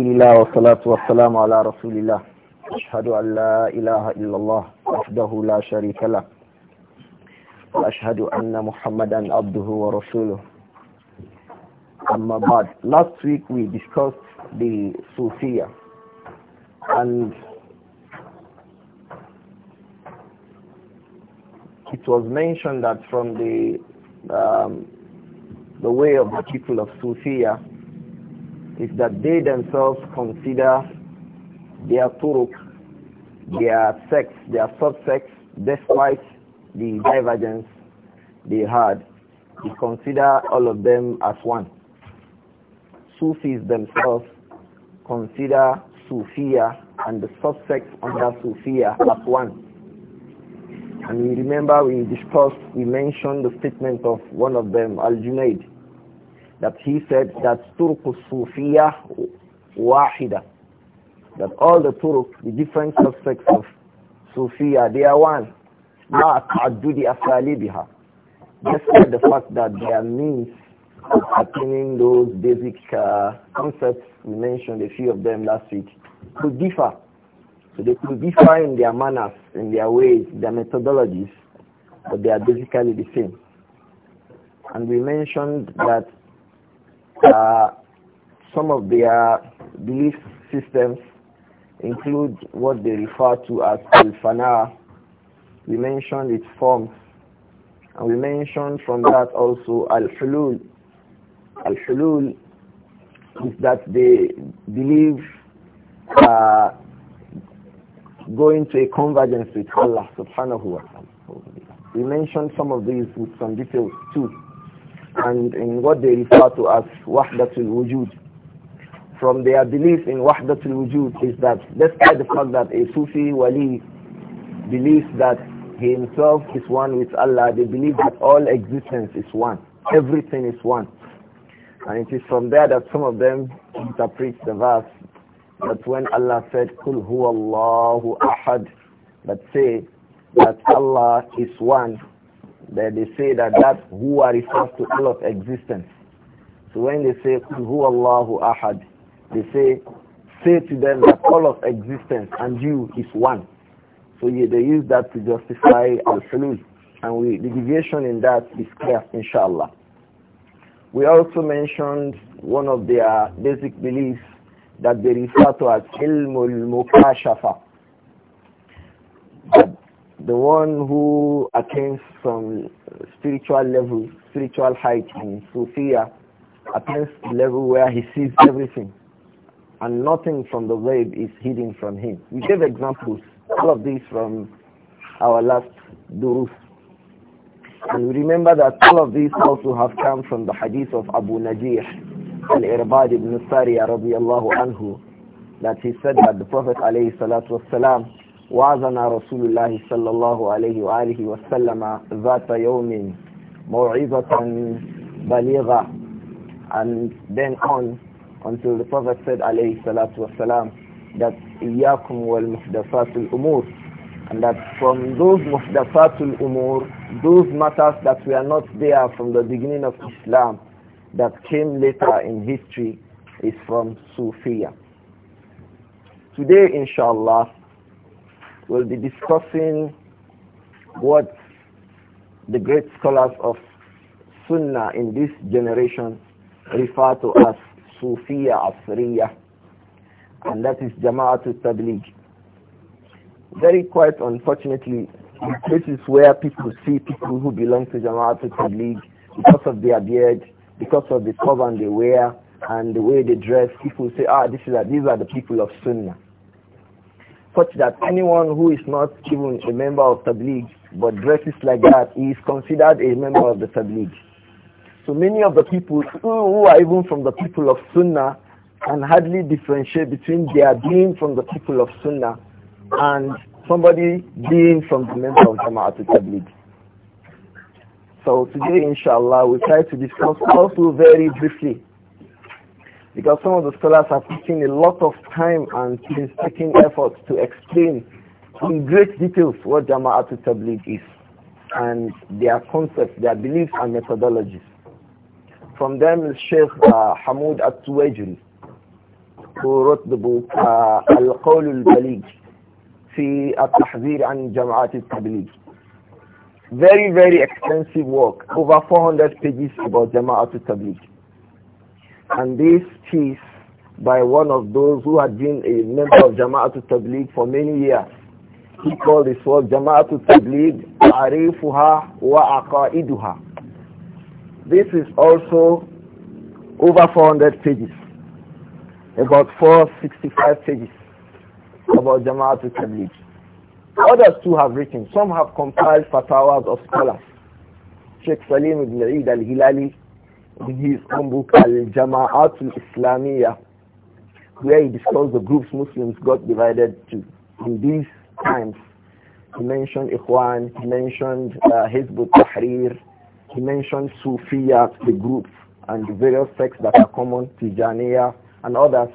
رسول الله والصلاة والسلام على رسول الله أشهد أن لا إله إلا الله وحده لا شريك له وأشهد أن محمدا عبده ورسوله أما بعد last week we discussed the Sufiya and it was mentioned that from the um, the way of the people of Sufiya is that they themselves consider their turuk, their sects, their subsects, despite the divergence they had, they consider all of them as one. Sufis themselves consider Sufia and the subsects under Sufia as one. And we remember we discussed, we mentioned the statement of one of them, Al-Junaid, that he said that Turku Sufiya Wahida, that all the Turuk, the different aspects of Sufiya, they are one. Not Adudi biha. Despite the fact that their means of attaining those basic uh, concepts, we mentioned a few of them last week, could differ. So they could differ in their manners, in their ways, their methodologies, but they are basically the same. And we mentioned that uh, some of their belief systems include what they refer to as al-fana. We mentioned its forms. And we mentioned from that also al-hulul. Al-hulul is that they believe uh, going to a convergence with Allah subhanahu wa ta'ala. We mentioned some of these with some details too and in what they refer to as Wahdatul Wujud. From their belief in Wahdatul Wujud is that despite the fact that a Sufi wali believes that he himself is one with Allah, they believe that all existence is one. Everything is one. And it is from there that some of them interpret the verse that when Allah said, Kul huwa Allahu ahad, that say that Allah is one, that they say that that who refers to all of existence. So when they say who Allahu Ahad, they say say to them that all of existence and you is one. So yeah, they use that to justify al-hulul. And we, the deviation in that is clear, inshallah. We also mentioned one of their basic beliefs that they refer to as ilmul mukashafa, the one who attains some spiritual level, spiritual height in Sufia, attains the level where he sees everything and nothing from the wave is hidden from him. We gave examples, all of these from our last durus. And we remember that all of these also have come from the hadith of Abu Najih al-Irbad ibn Sariya radiallahu anhu that he said that the Prophet alayhi salatu salam وعظنا رسول الله صلى الله عليه وآله وسلم ذات يوم موعظة بليغة and then on until the Prophet said عليه الصلاة والسلام that إياكم والمحدثات الأمور and that from those muhdathatul umur, those matters that we are not there from the beginning of Islam that came later in history is from Sufia. Today, inshallah, We'll be discussing what the great scholars of Sunnah in this generation refer to as Sufiya Asriya, and that is Jama'atul Tabligh. Very quite unfortunately, this is where people see people who belong to Jama'atul Tabligh because of their beard, because of the cover they wear, and the way they dress, people say, ah, this is, these are the people of Sunnah such that anyone who is not even a member of Tabligh but dresses like that is considered a member of the Tabligh. So many of the people who are even from the people of Sunnah can hardly differentiate between their being from the people of Sunnah and somebody being from the member of Jama'at al-Tabligh. So today, inshallah, we try to discuss also very briefly because some of the scholars have taken a lot of time and painstaking effort to explain in great details what Jama'atul Tabligh is and their concepts, their beliefs and methodologies. From them is Sheikh uh, Hamoud At-Tuwajil who wrote the book uh, Al-Qawl Al-Baligh في التحذير Jama'at al التبليغ very very extensive work over 400 pages about al التبليغ and this piece by one of those who had been a member of Jama'atul Tabligh for many years. He called his work Jama'atul Tabligh Arifuha wa Aqaiduha. This is also over 400 pages, about 465 pages about Jama'atul Tabligh. Others too have written. Some have compiled fatwas of scholars. Sheikh Salim ibn Eid al-Hilali in his own book Al-Jama'at al-Islamiyah where he discussed the groups Muslims got divided to in these times. He mentioned Ikhwan, he mentioned uh, Hizb tahrir he mentioned Sufiya, the group, and the various sects that are common, Tijaniya and others.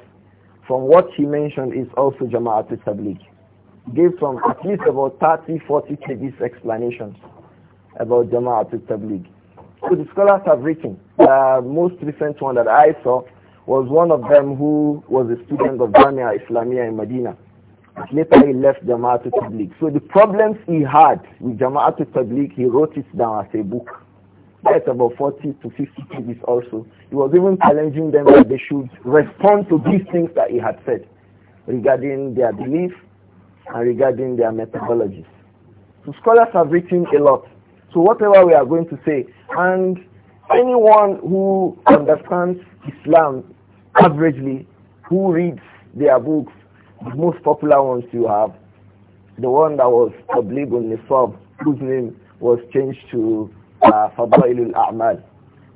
From what he mentioned is also Jama'at tabligh Gave some at least about 30, 40 pages explanations about Jama'at tabligh so the scholars have written. The most recent one that I saw was one of them who was a student of Jamia Islamia in Medina. Later he left Jama'at Tabligh. So the problems he had with Jama'at Tabligh, he wrote it down as a book. That's about 40 to 50 pages also. He was even challenging them that they should respond to these things that he had said regarding their belief and regarding their methodologies. So scholars have written a lot. So whatever we are going to say, and anyone who understands Islam averagely, who reads their books, the most popular ones you have, the one that was Tablib al-Nisab, whose name was changed to uh, Fadail al-A'mal.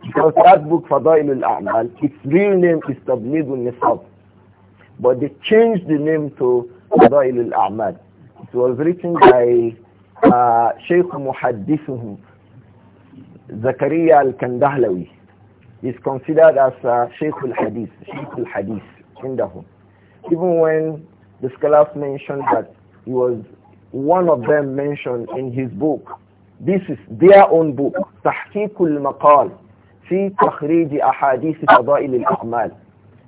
Because that book, Fadail al-A'mal, its real name is Tablib al-Nisab. But they changed the name to Fadail al-A'mal. It was written by Sheikh Muhaddithuhum, Zakaria al-Kandahlawi, is considered as uh, Sheikh al-Hadith, Sheikh al-Hadith, Indahum. Even when the scholars mentioned that he was one of them mentioned in his book, this is their own book, تحقيق المقال في تخريج أحاديث فضائل الأعمال.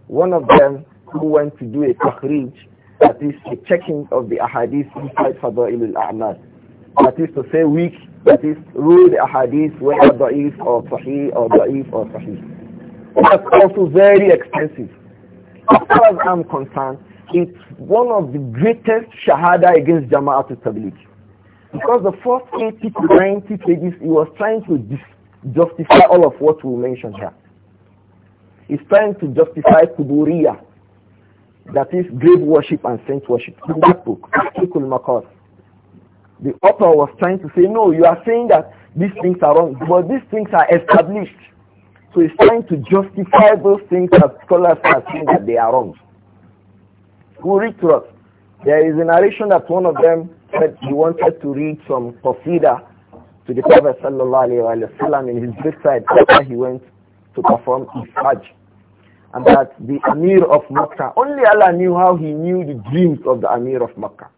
One of them who went to do a takhrij, that is the checking of the ahadith inside Fadail al-A'mal. That is to say weak, that is rude ahadith, whether da'if or sahih or da'if or sahih. That's also very expensive. As far as I'm concerned, it's one of the greatest shahada against Jama'at al-Tabligh. Because the first 80 to 90 pages, he was trying to justify all of what we mentioned here. He's trying to justify Kuburiya, that is grave worship and saint worship. In that book, Fikul the author was trying to say, no, you are saying that these things are wrong, but these things are established. So he's trying to justify those things that scholars are saying that they are wrong. Who read to us? There is a narration that one of them said he wanted to read some qasida to the Prophet sallallahu in his bedside after he went to perform his Hajj. And that the Amir of Makkah, only Allah knew how he knew the dreams of the Amir of Makkah.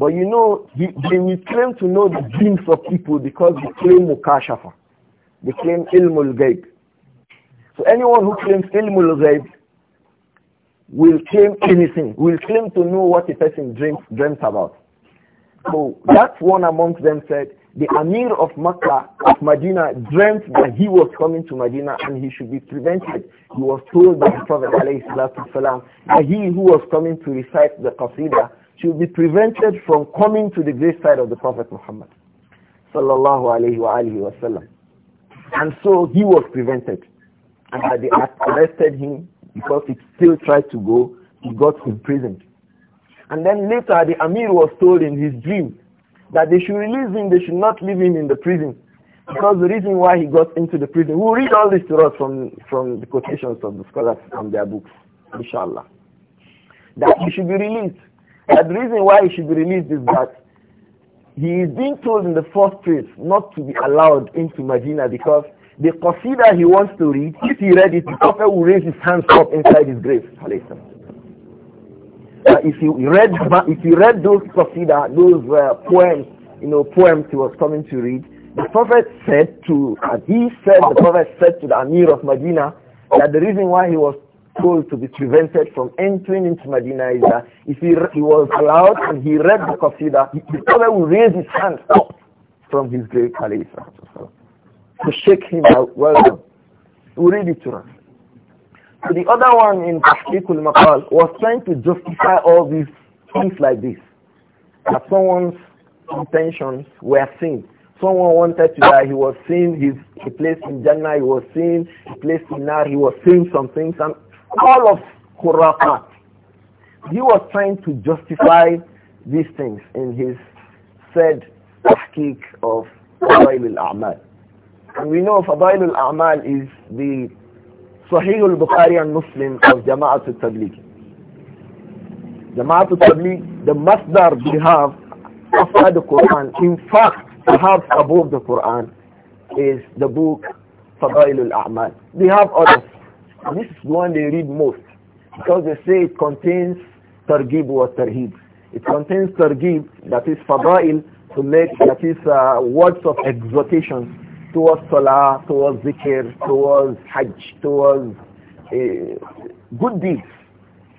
But you know, he, they will claim to know the dreams of people because they claim mukashafa. They claim ilmul ghaib. So anyone who claims ilmul ghaib will claim anything, will claim to know what a person dreams, dreams about. So that one amongst them said, the Amir of Makkah, of Medina, dreamt that he was coming to Medina and he should be prevented. He was told by the Prophet ﷺ that he who was coming to recite the Qasidah should be prevented from coming to the grave side of the Prophet Muhammad sallallahu alayhi wa wasallam. And so he was prevented. And they arrested him because he still tried to go. He got imprisoned. And then later the Amir was told in his dream that they should release him, they should not leave him in the prison. Because the reason why he got into the prison, we'll read all this to us from, from the quotations of the scholars from their books, inshallah. That he should be released the reason why he should be released is that he is being told in the first place not to be allowed into Medina because the qasida he wants to read, if he read it, the Prophet will raise his hands up inside his grave. Uh, if he read if he read those qasida, those uh, poems, you know, poems he was coming to read, the Prophet said to, he said, the Prophet said to the Amir of Medina that the reason why he was told to be prevented from entering into Medina is that if he, he was allowed and he read the Qasida, the Prophet would raise his hand up from his grave, Khalifa to shake him out. Well done. We read it to us. So the other one in Tahqiqul Maqal was trying to justify all these things like this. That someone's intentions were seen. Someone wanted to die, he was seeing his place in Jannah, he was seeing his place in Nar, he was seeing some things and all of Khurafat. He was trying to justify these things in his said tahqiq of Fadail al-A'mal. And we know Fadail al-A'mal is the Sahih al-Bukhari and Muslim of Jama'at al-Tabliq. Jama'at al-Tabliq, the masdar we have after the Quran, in fact, have above the Quran, is the book Fadail al-A'mal. They have others. And this is one they read most because they say it contains targib or tarhib. It contains targib, that is fadail, to make, that is uh, words of exhortation towards salah, towards zikr, towards hajj, towards uh, good deeds.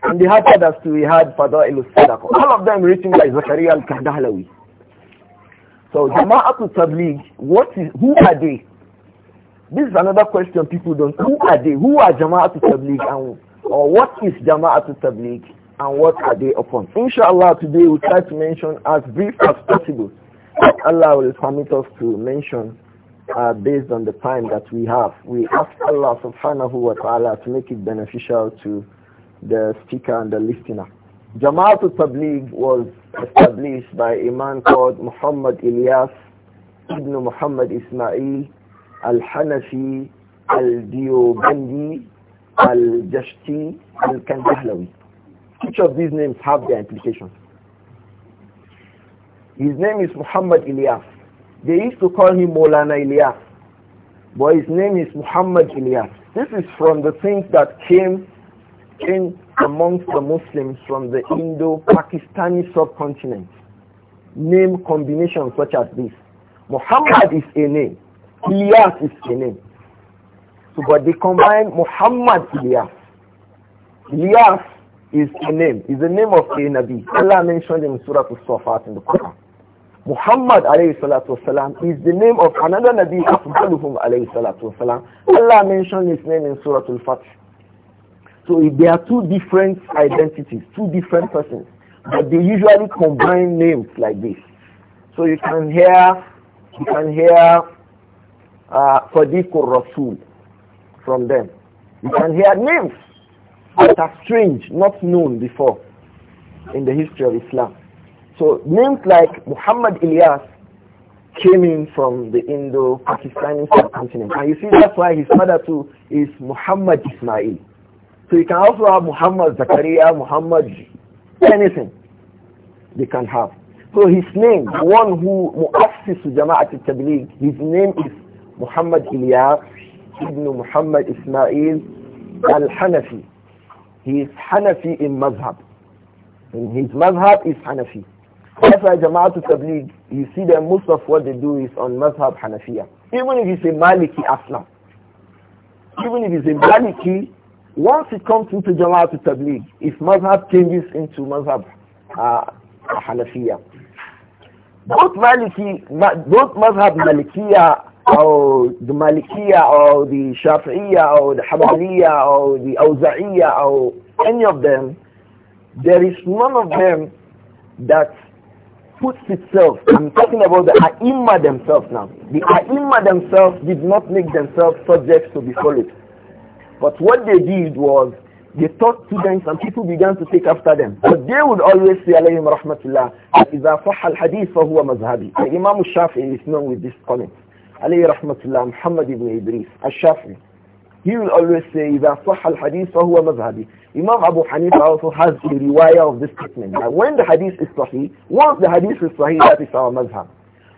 And the had others we had fadail al All of them written by Zakaria al-Kahdahlawi. So Jama'at to what is, who are they? This is another question people don't. Who are they? Who are Jama'at Tabligh and or what is Jama'at Tabligh and what are they upon? Inshallah, today we try to mention as brief as possible. Allah will permit us to mention uh, based on the time that we have. We ask Allah subhanahu wa ta'ala to make it beneficial to the speaker and the listener. Jama'at tabligh was established by a man called Muhammad Ilyas ibn Muhammad Ismail Al-Hanafi, Al-Diobandi, Al-Jashti, Al-Kandahlawi. Each of these names have their implications. His name is Muhammad Ilyas. They used to call him Molana Ilyas, but his name is Muhammad Ilyas. This is from the things that came in amongst the Muslims from the Indo-Pakistani subcontinent. Name combinations such as this. Muhammad is a name. Ilyas is the name. So, but they combine Muhammad Ilyas. Ilyas is a name, is the name of the Nabi. Allah mentioned in Surah Al-Safat in the Quran. Muhammad alayhi salatu wasalam is the name of another Nabi Afdaluhum alayhi salatu wasalam. Allah mentioned his name in Surah Al-Fatih. So they there are two different identities, two different persons, but they usually combine names like this. So you can hear, you can hear uh, Rasul from them. You can hear names that are strange, not known before in the history of Islam. So names like Muhammad Ilyas came in from the Indo-Pakistani subcontinent. And you see that's why his father too is Muhammad Ismail. So you can also have Muhammad Zakaria, Muhammad anything they can have. So his name, one who Mu'assisu Jama'at al-Tabligh, his name is Muhammad Ilyas ibn Muhammad Ismail al-Hanafi. He is Hanafi in Mazhab. In his Mazhab is Hanafi. That's why Jamaatul Tabligh, you see that most of what they do is on Mazhab Hanafiya. Even if it's a Maliki Aslam. Even if it's a Maliki, once it comes into Jamaatul Tabligh, if Mazhab changes into Mazhab uh, Hanafiya. Both Maliki, both Mazhab Malikiya or the Malikiya or the Shafi'iyya or the Hanbaliya or the Awza'iyya or any of them, there is none of them that puts itself, I'm talking about the A'imma themselves now. The A'imma themselves did not make themselves subjects to be followed. But what they did was they taught students and people began to take after them. But they would always say, alayhim rahmatullah, إِذَا صَحَّ الْحَدِيثَ فَهُوَ مَذْهَبِي The Imam is known with this comment alayhi rahmatullah, Muhammad ibn Idris, al-Shafi'i. He will always say, إِذَا صَحَّ الْحَدِيثَ فَهُوَ مَذْهَبِي Imam Abu Hanifa also has the riwayah of this statement. That when the hadith is sahih, once the hadith is sahih, that is our madhab.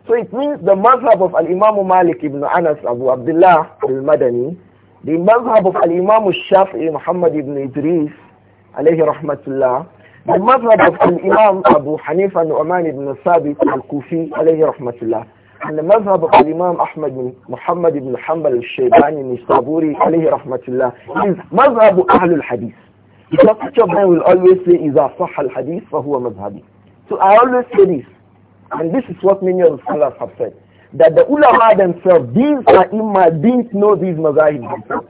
So it means the madhab of al-Imam Malik ibn Anas Abu Abdullah al-Madani, the madhab of al-Imam al-Shafi'i Muhammad ibn Idris, alayhi rahmatullah, the madhab of al-Imam Abu Hanifa Nu'man ibn Sabit al-Kufi, alayhi rahmatullah, and the madhab of Imam Ahmad bin Muhammad ibn Hanbal al-Shaybani al-Saburi alayhi rahmatullah is madhab ahlul hadith. Because each of them will always say, إِذَا صَحَّ الْحَدِيثِ فَهُوَ مَذْهَبِي So I always say this, and this is what many of the scholars have said, that the ulama themselves, these ai did not know these mazahib themselves.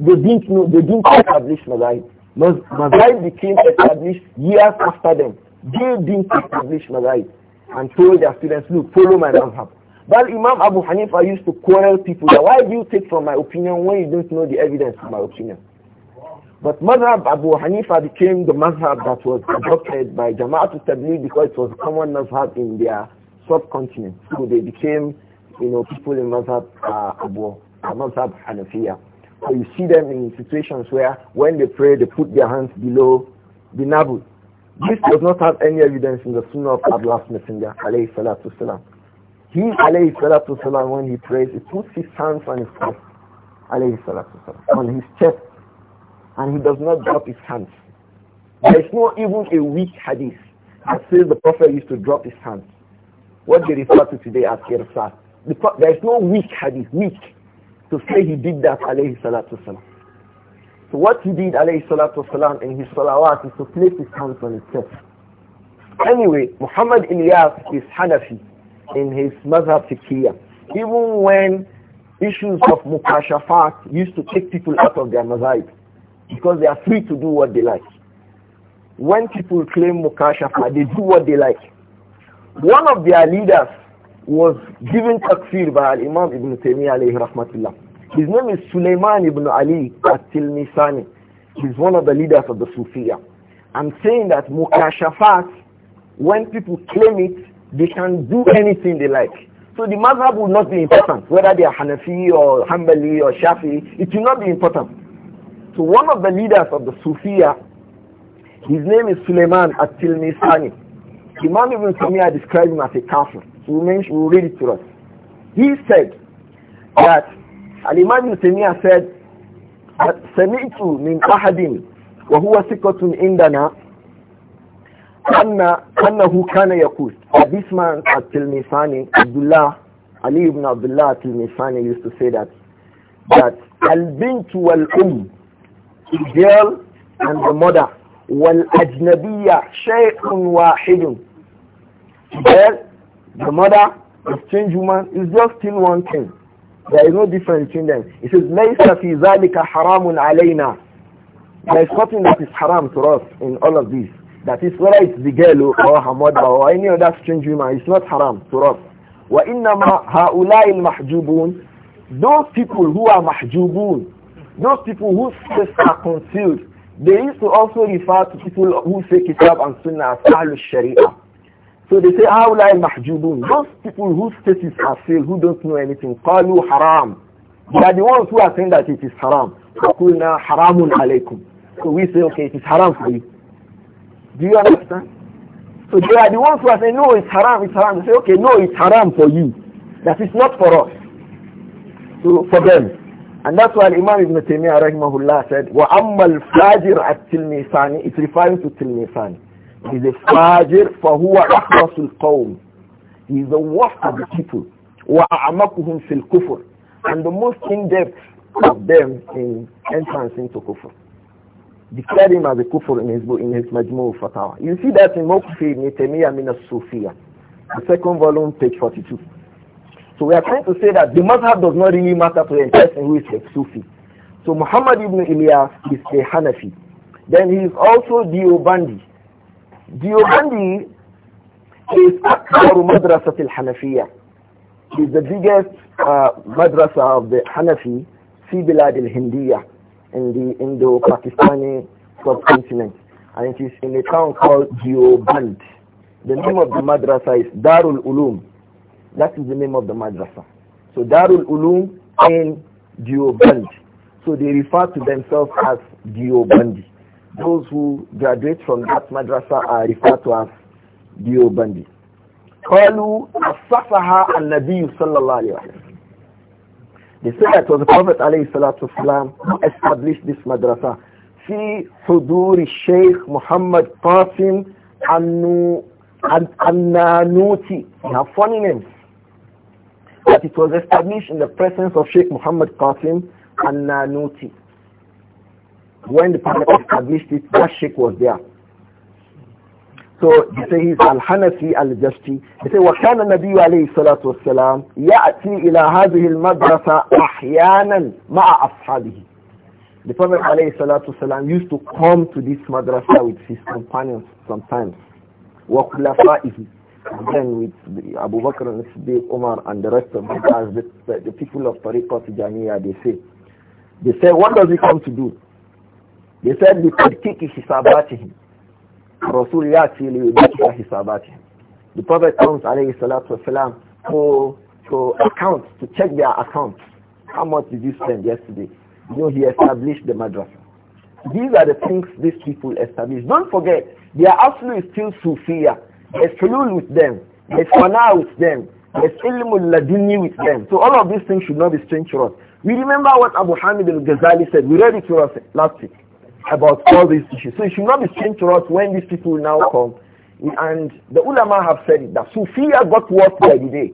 They didn't know, they didn't establish mazahib. Mazahib became established years after them. They didn't establish mazahib and told their students, look, follow my madhab. But Imam Abu Hanifa used to quarrel people that why do you take from my opinion when you don't know the evidence from my opinion? But madhab Abu Hanifa became the madhab that was adopted by Jama'at Tabligh because it was a common madhab in their subcontinent. So they became, you know, people in madhab uh, Abu uh, madhab Hanafiya. So you see them in situations where when they pray, they put their hands below the navel this does not have any evidence in the Sunnah of Allah's Messenger, alayhi salatu salam. He, alayhi salatu salam, when he prays, he puts his hands on his chest, alayhi salatu salam, on his chest, and he does not drop his hands. There is not even a weak hadith that says the Prophet used to drop his hands. What they refer to today as irsat. The there is no weak hadith, weak, to say he did that, alayhi salatu salam. So what he did, alayhi salatu wasalam, in his salawat is to place his hands on his chest. Anyway, Muhammad Ilyas is Hanafi in his mazhab fiqhiyah. Even when issues of mukashafat used to take people out of their mazhab because they are free to do what they like. When people claim mukashafat, they do what they like. One of their leaders was given takfir by Imam Ibn Taymiyyah alayhi rahmatullah his name is Sulaiman ibn Ali al-Tilmisani. He's one of the leaders of the Sufiya. I'm saying that Mukashafat, when people claim it, they can do anything they like. So the madhab will not be important, whether they are Hanafi or Hanbali or Shafi, it will not be important. So one of the leaders of the Sufiya, his name is Suleiman At-Tilmisani. Imam Ibn Taymiyyah described him as a kafir. So we will read it to us. He said that Al-Imam Ibn said, سمعت من أحد وهو ثقة عندنا أن أنه كان يقول this man at Tilmisani Abdullah Ali ibn Abdullah at Tilmisani used to say that that البنت والأم the girl and the mother والأجنبية شيء واحد the girl the mother the strange woman is just still one thing there is no difference between them. It says, لَيْسَ فِي ذَلِكَ حَرَامٌ عَلَيْنَا There is nothing that is haram to us in all of this. That is, whether it's the girl or her mother or any other strange woman, it's not haram to us. وَإِنَّمَا هَؤُلَاءِ الْمَحْجُوبُونَ Those people who are mahjubun, those people whose faces are concealed, they used to also refer to people who say kitab and sunnah as Ahlul Sharia. So they say, how la mahjubun? Those people whose faces are sealed, who don't know anything, qalu haram. They are the ones who are saying that it is haram. Qulna haramun alaykum. So we say, okay, it is haram for you. Do you understand? So they are the ones who are saying, no, it's haram, it's haram. They say, okay, no, it's haram for you. That is not for us. So for them. And that's why Imam Ibn Taymiyyah rahimahullah said, وَأَمَّا fajir at tilmisani It's referring to tilmisani is a fajir across the الْقَوْمِ He is the worst of the people. وَأَعْمَقُهُمْ فِي الْكُفْرِ And the most in-depth of them in entrance into kufr. Declare him as a kufr in his book, in his Majmu' Fatawa. You see that in Mokfi Nitemiya Min Sufiya, the second volume, page 42. So we are trying to say that the mazhab does not really matter to a person who is a Sufi. So Muhammad ibn Ilyas is a Hanafi. Then he is also the Obandi. Diobandi is Akbar Madrasat al-Hanafiya. He's the biggest uh, madrasa of the Hanafi, Sibilad al-Hindiya, in the Indo-Pakistani subcontinent. And it is in a town called Dioband. The name of the madrasa is Darul Ulum. That is the name of the madrasa. So Darul Ulum in Dioband. So they refer to themselves as Diobandi those who graduate from that madrasa are referred to as Diobandi. قالوا أصفها النبي صلى الله They say that was the Prophet alayhi salatu salam who established this madrasa في Sheikh Muhammad Qasim an النانوتي They have funny names that it was established in the presence of Sheikh Muhammad Qasim An-Nanuti when the Prophet established it, that sheikh was there. So they say he's Al-Hanafi Al-Jashti. They say, وَكَانَ النَّبِيُّ عَلَيْهِ الصَّلَاةُ وَالسَّلَامُ يَأْتِي إِلَى هَذِهِ الْمَدْرَسَةِ أَحْيَانًا مَعَ أَصْحَابِهِ The Prophet عليه الصلاة والسلام used to come to this madrasa with his companions sometimes. وَخُلَفَائِهِ and then with Abu Bakr and Siddiq, Umar and the rest of them, as the, the, the people of Tariqat Janiya, they say. They say, what does he come to do? They said the Qadkiki Hisabatihim. Rasul Yati Liyudika Hisabatihim. The Prophet comes alayhi salatu wasalam to, to account, to check their accounts. How much did you spend yesterday? You know, he established the madrasa. These are the things these people establish. Don't forget, their absolute is still Sufiya. There's Hulul with them. There's Fana with them. There's Ilmul Ladini with them. So all of these things should not be strange to us. We remember what Abu Hamid al-Ghazali said. We read it to us last week about all these issues. So it should not be strange to us when these people now come. And the ulama have said that Sufiya got worse by the day.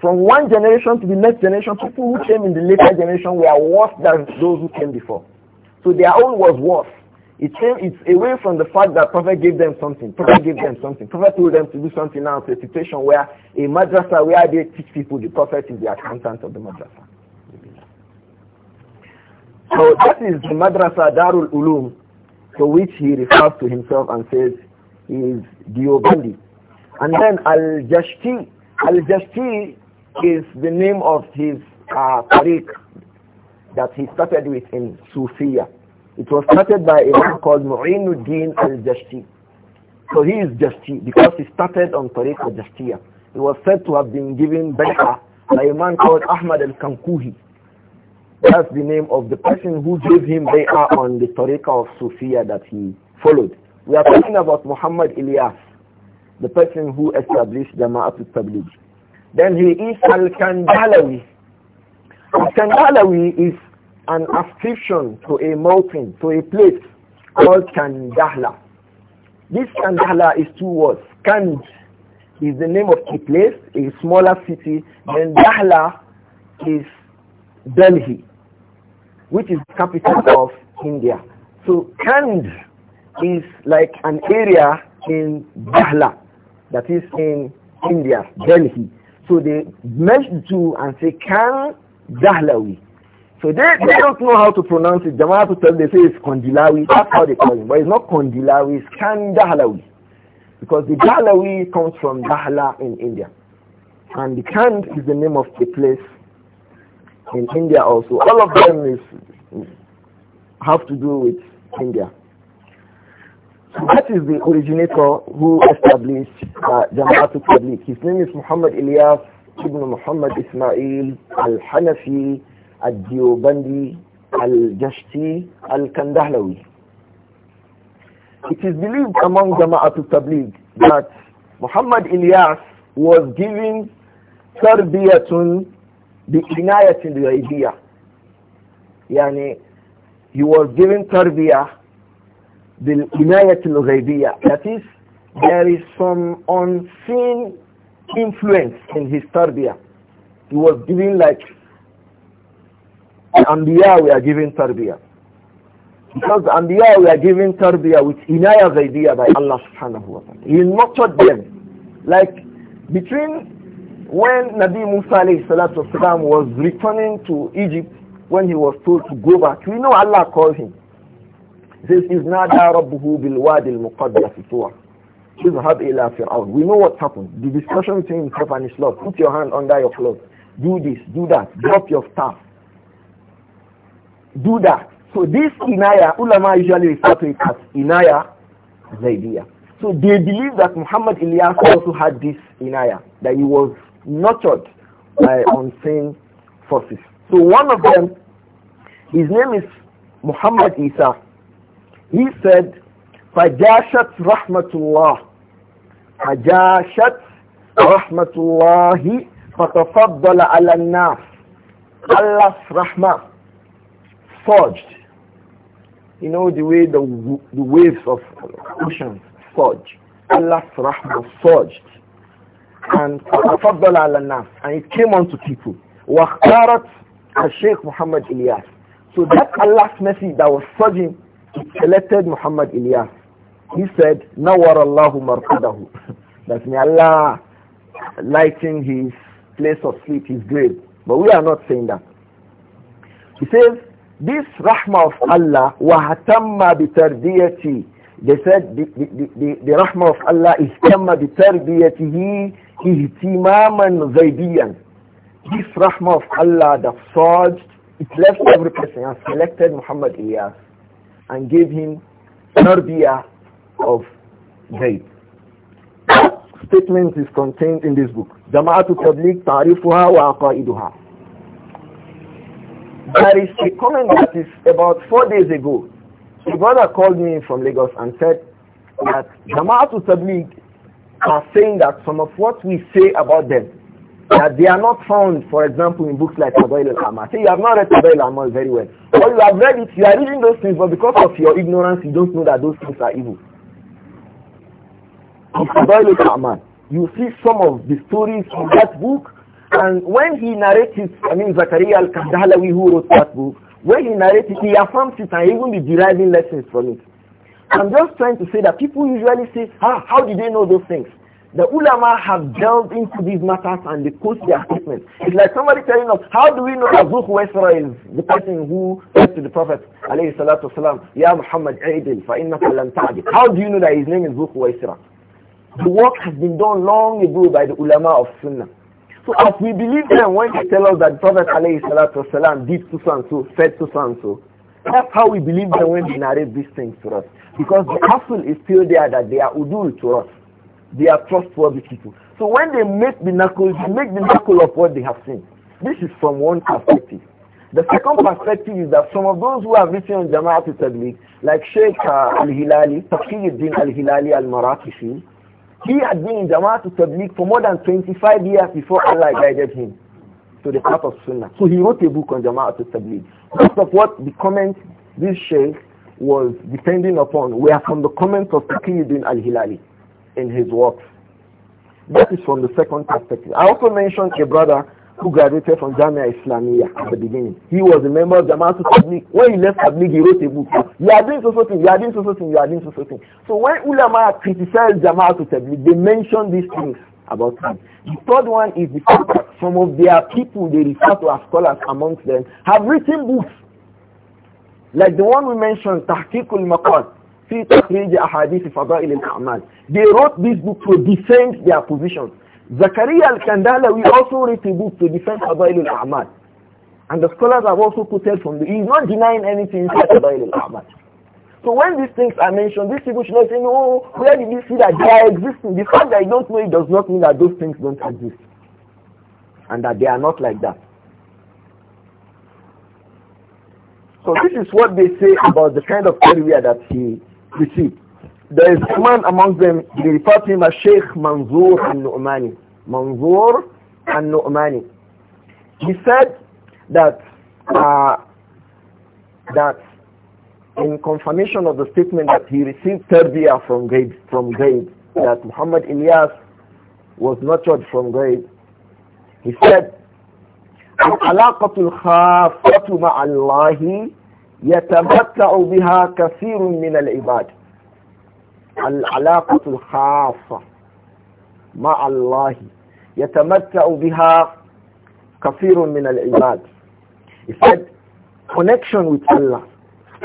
From one generation to the next generation, people who came in the later generation were worse than those who came before. So their own was worse. It came, it's away from the fact that Prophet gave them something. Prophet gave them something. Prophet told them to do something now. It's a situation where a madrasa, where they teach people, the Prophet is the accountant of the madrasa. So that is the Madrasa Darul Ulum to which he refers to himself and says he is Diobandi. And then Al-Jashti. Al-Jashti is the name of his uh, tariq that he started with in Sufia. It was started by a man called Mu'inuddin al-Jashti. So he is Jashti because he started on tariq al-Jashtiya. He was said to have been given Baika by a man called Ahmad al-Kankuhi. That's the name of the person who gave him bay'ah on the Tariqa of Sufia that he followed. We are talking about Muhammad Ilyas, the person who established Jama'at al-Tabligh. Then he is Al-Kandalawi. Al-Kandalawi is an ascription to a mountain, to a place called Kandahla. This Kandahla is two words. Kand is the name of a place, a smaller city, and Dahla is Delhi which is capital of India. So Kand is like an area in Bahla, that is in India, Delhi. So they merge the two and say Khan Dahlawi. So they, they don't know how to pronounce it. Jamaat tell they say it's Kondilawi. That's how they call it. But it's not Kondilawi, it's Khan Dahlawi. Because the Dahlawi comes from Dahla in India. And the Kand is the name of a place in India also. All of them is have to do with India. So that is the originator who established uh, Jamaatul Tabligh. His name is Muhammad Ilyas ibn Muhammad Ismail al-Hanafi al-Diobandi al-Jashti al-Kandahlawi. It is believed among Jamaatul Tabligh that Muhammad Ilyas was giving tarbiyatun the the idea, يعني you were given tarbiyah the idea that is there is some unseen influence in his tarbiyah he was giving like and Anbiya we are giving tarbiyah because and Anbiya we are giving tarbiyah with inaya idea by Allah subhanahu wa ta'ala he nurtured them like between when Nabi Musa والسلام, was returning to Egypt, when he was told to go back, we know Allah called him. He says, إِذْنَادَى رَبُّهُ بِالْوَادِ He's had a إلى out. We know what happened. The discussion between himself and his Lord. Put your hand under your cloak. Do this, do that. Drop your staff. Do that. So this inaya, ulama usually refer to it as inaya zaidiya. So they believe that Muhammad Ilyas also had this inaya, that he was nurtured by unseen forces. So one of them, his name is Muhammad Isa. He said, "Fajashat rahmatullah, fajashat rahmatullahi, fatafadla اللَّهِ فَتَفَضَّلَ Allah's Rahmah forged. You know the way the, the waves of oceans surge. Allah's Rahmah surged and تفضل على Nas, and it came on to people واختارت sheik Muhammad Ilyas so that Allah's mercy that was surging he selected Muhammad Ilyas he said نور الله مرقده that may Allah lighten his place of sleep his grave but we are not saying that he says this rahmah of Allah bi بِتَرْبِيَتِي they said the, the, the, the rahmah of Allah is tamma bi tarbiyatihi ihtimaman zaidiyan. This rahmah of Allah that surged, it left every person and selected Muhammad Iyas and gave him tarbiyah of Zaid. statement is contained in this book. Jama'atu Tabligh Tarifuha wa Aqaiduha. There is a comment that is about four days ago. A brother called me from Lagos and said that Jama'atu Tabligh are saying that some of what we say about them, that they are not found, for example, in books like Tabail al-Amal. Say you have not read Tabail al-Amal very well. Or you have read it, you are reading those things, but because of your ignorance, you don't know that those things are evil. In Tabail al-Amal, you see some of the stories in that book, and when he narrates I mean, Zakaria al-Kandalawi who wrote that book, when he narrates he affirms it and even be deriving lessons from it. I'm just trying to say that people usually say, ah, how do they know those things? The ulama have delved into these matters and they quote their statements. It's like somebody telling us, how do we know that Zuh Waisra is the person who said to the Prophet, alayhi salatu wasalam, Ya Muhammad Aidil, fa'innaka lam ta'adil. How do you know that his name is Zuh Waisra? The work has been done long ago by the ulama of Sunnah. So as we believe them when they tell us that the Prophet alayhi salatu wasalam did so and so, said so and so, that's how we believe them when they narrate these things to us. Because the castle is still there that they are udul to us. They are trustworthy people. So when they make the knuckle, they make the knuckle of what they have seen. This is from one perspective. The second perspective is that some of those who have written on Jama'at al-Tabligh, like Sheikh uh, al-Hilali, Taqiyuddin al-Hilali al-Marakishi, he had been in Jama'at al-Tabligh for more than 25 years before Allah guided him to the path of Sunnah. So he wrote a book on Jama'at al-Tabligh. Most of what the comments this Sheikh was depending upon were from the comments of Taqiyuddin al-Hilali in his works. That is from the second perspective. I also mentioned a brother who graduated from Jamia Islamiyah at the beginning. He was a member of Jamaatul Tabligh. When he left Tabligh, he wrote a book. You are doing so so you are doing so so you are doing so so So when ulama criticized Jamaatul Tabligh, they mentioned these things about him. The third one is the fact that some of their people they refer to as scholars amongst them have written books like the one we mentioned, Tahqiqul Maqad, fi takhrij ahadith fada'il al-a'mal. They wrote this book to defend their position. Zakaria al-Kandalawi also wrote a book to defend fada'il al-a'mal. And the scholars have also quoted from the, he's not denying anything about fada'il al-a'mal. So when these things are mentioned, these people should not say, oh, where did you see that they are existing? The fact that I don't know it does not mean that those things don't exist. And that they are not like that. So this is what they say about the kind of career that he received. There is a man among them, they refer to him as Sheikh Manzur al-Nu'mani. Manzur al-Nu'mani. He said that uh, that in confirmation of the statement that he received tarbiyah from grade from that Muhammad Ilyas was nurtured from grade. He said العلاقه الخاصه مع الله يتمتع بها كثير من العباد العلاقه الخاصه مع الله يتمتع بها كثير من العباد it said connection with Allah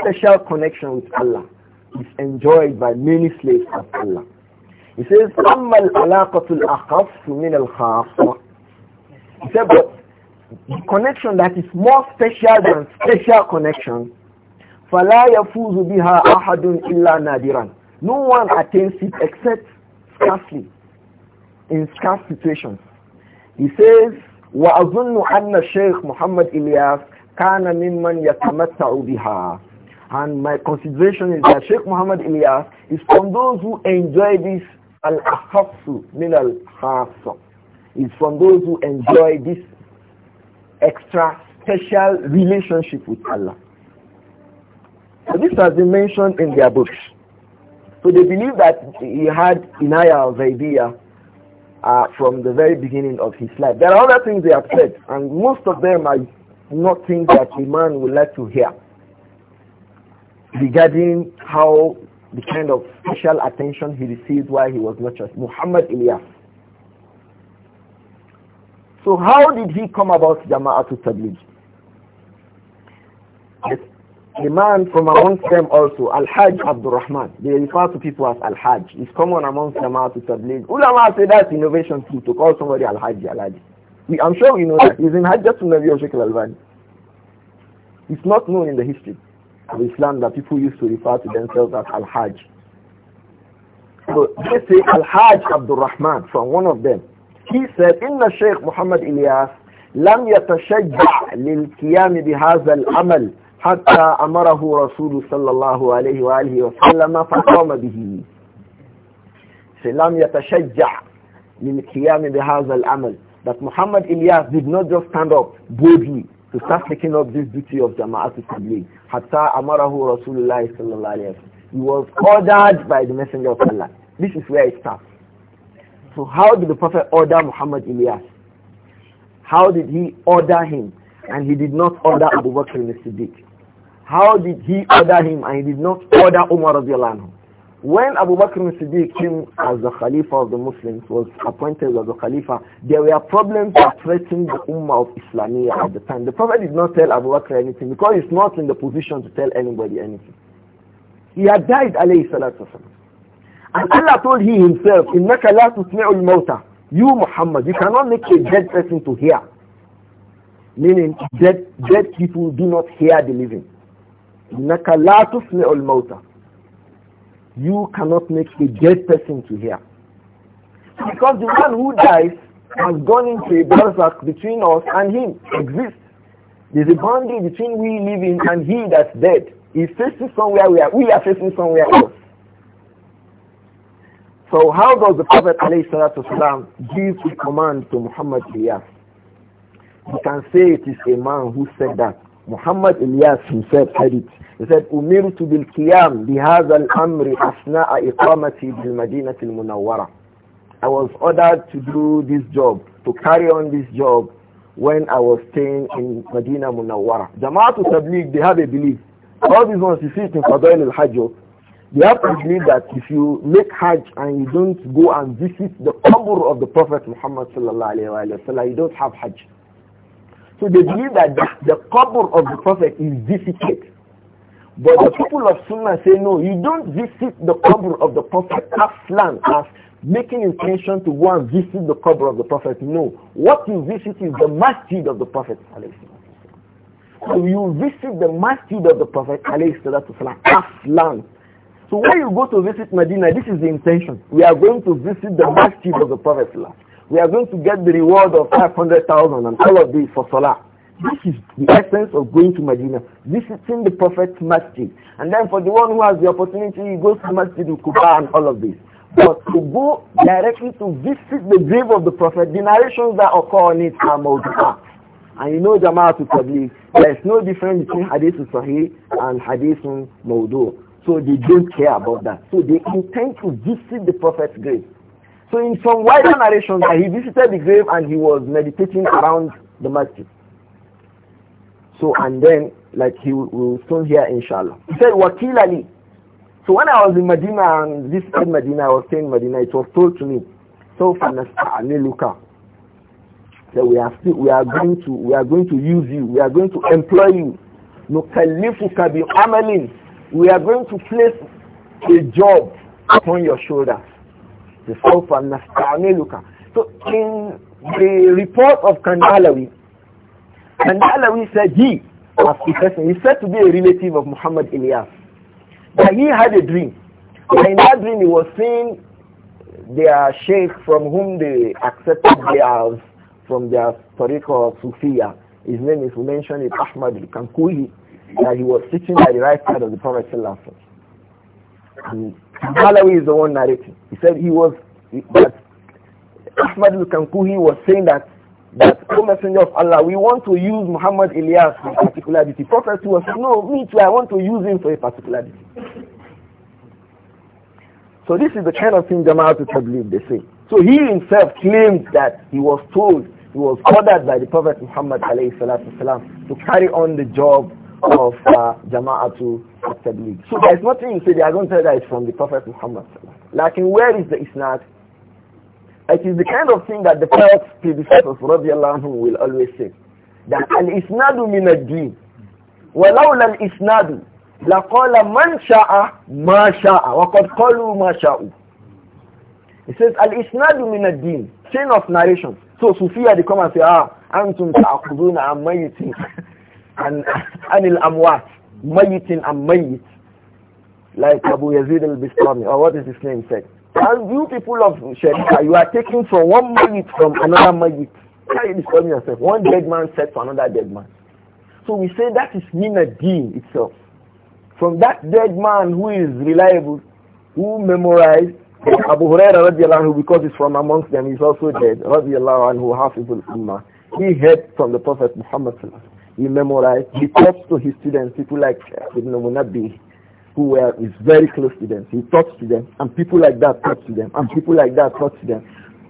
special connection with Allah is enjoyed by many slaves of Allah he says amma al-alaqatu al-akhaf the connection that is more special than special connection فَلَا يَفُوزُ بِهَا أَحَدٌ إِلَّا نَادِرًا No one attains it except scarcely, in scarce situations. He says, وَأَظُنُّ أَنَّ الشَّيْخ Muhammad Ilyas كَانَ مِمَّنْ يَتَمَتَّعُ بِهَا And my consideration is that Sheikh Muhammad Ilyas is from those who enjoy this al-akhafsu min al-khassa. Is from those who enjoy this extra special relationship with Allah. So this has been mentioned in their books. So they believe that he had Inaya of idea uh, from the very beginning of his life. There are other things they have said, and most of them are not things that a man would like to hear regarding how the kind of special attention he received while he was just Muhammad Ilyas so how did he come about Jama'atul Tabligh? The man from amongst them also, Al-Hajj Abdul Rahman. They refer to people as Al-Hajj. It's common amongst Jama'atul Tabligh. Ulama say that's innovation too, to call somebody Al-Hajj, Al-Hajj. I'm sure you know that. He's in Hajjatul Nabi Sheikh Al-Albani. It's not known in the history of Islam that people used to refer to themselves as Al-Hajj. So they say Al-Hajj Abdul Rahman from one of them. He said, إن الشيخ محمد amal لم يتشجع للقيام بهذا العمل حتى أمره رسول صلى الله عليه وآله وسلم فقام به لم يتشجع للقيام بهذا العمل that Muhammad Ilyas did not just stand up boldly to start taking up this duty of Jama'at al-Tabligh حتى أمره رسول الله صلى الله عليه وسلم he was ordered by the messenger of Allah this is where it starts so how did the Prophet order Muhammad Ilyas? How did he order him and he did not order Abu Bakr al-Siddiq? How did he order him and he did not order Umar radiallahu When Abu Bakr al-Siddiq came as the Khalifa of the Muslims, was appointed as the Khalifa, there were problems that threatened the Ummah of Islamia at the time. The Prophet did not tell Abu Bakr anything because he's not in the position to tell anybody anything. He had died alayhi salatu wasalam. And Allah told he himself, إِنَّكَ لَا تُسْمِعُ الْمَوْتَى You Muhammad, you cannot make a dead person to hear. Meaning, dead, dead people do not hear the living. إِنَّكَ لَا تُسْمِعُ الْمَوْتَى You cannot make a dead person to hear. Because the one who dies has gone into a barzakh between us and him, exists. There's a boundary between we living and he that's dead. He's facing somewhere are. we are facing somewhere else. So how does the Prophet give the command to Muhammad Ilyas? You can say it is a man who said that. Muhammad Ilyas himself said it. He said, أُمِرْتُ بِالْقِيَامِ بِهَذَا الْأَمْرِ أَثْنَاءَ إِقَامَتِي بِالْمَدِينَةِ الْمُنَوَّرَةِ I was ordered to do this job, to carry on this job when I was staying in Medina Munawwara. Jama'atul Tabligh, they have a belief. All these ones, you see in Fadail al-Hajj, they have to believe that if you make Hajj and you don't go and visit the Qabr of the Prophet Muhammad sallallahu you don't have Hajj. So they believe that the, the Qabr of the Prophet is visited. But the people of Sunnah say, no, you don't visit the Qabr of the Prophet Aslan as making intention to go and visit the Qabr of the Prophet. No. What you visit is the Masjid of the Prophet So you visit the Masjid of the Prophet Aslan so when you go to visit Medina, this is the intention. We are going to visit the masjid of the Prophet. We are going to get the reward of 500,000 and all of this for Salah. This is the essence of going to Medina, visiting the Prophet's masjid. And then for the one who has the opportunity, he goes to Masjid Kuba and all of this. But to go directly to visit the grave of the Prophet, the narrations that occur on it are multiple. And you know Jama'at to Tabligh, there is no difference between Hadith Sahih and Hadith Mawdu. So they don't care about that. So they intend to visit the prophet's grave. So in some wider narration that he visited the grave and he was meditating around the masjid. So and then like he will soon hear inshallah. He said Wakil Ali. So when I was in Medina and this in Medina, I was staying in Medina, it was told to me, so Luka. So we are still, we are going to we are going to use you, we are going to employ you. نكلفك بعمل we are going to place a job upon your shoulders. The So in the report of Kandalawi, Kandalawi said he, as a person, he said to be a relative of Muhammad Ilyas, that he had a dream. And in that dream he was seeing their sheikh from whom they accepted theirs from their tariqa Sufiya. His name is, mentioned in Ahmad al-Kankuhi that he was sitting at the right side of the Prophet Sallallahu And Malawi is the one narrating. He said he was, but Ahmad al-Kankuhi was saying that that O Messenger of Allah, we want to use Muhammad Ilyas for a particularity. Prophet was no, me too, I want to use him for a particularity. So this is the kind of thing Jamaat Tabligh they say. So he himself claimed that he was told, he was ordered by the Prophet Muhammad والسلام, to carry on the job of uh, Jama'atu Tabligh. So there's nothing you say they are going to tell that it's from the Prophet Muhammad. Like in where is the Isnad? It is the kind of thing that the Prophet predecessors anhu, will always say. That al-isnadu min ad-din. laul al لقال من شاء sha'a شاء وقد qalu ما شاءوا. He says al-isnadu min ad-din. Chain of narration. So Sufiya they come and say, ah, أنتم تأخذون عما and anil amwat, mayitin and mayit, like Abu Yazid al-Bistami, or what is his name said. And you people of Sharia, you are taking from one mayit from another mayit. How you describe yourself? One dead man said to another dead man. So we say that is mina itself. From that dead man who is reliable, who memorized, Abu Huraira radiallahu anhu, because he's from amongst them, he's also dead, radiallahu anhu, hafizul ummah. He heard from the Prophet Muhammad sallallahu he memorized. He taught to his students, people like uh, Ibn Munabi, who were his very close students. He taught to them, and people like that taught to them, and people like that taught to them.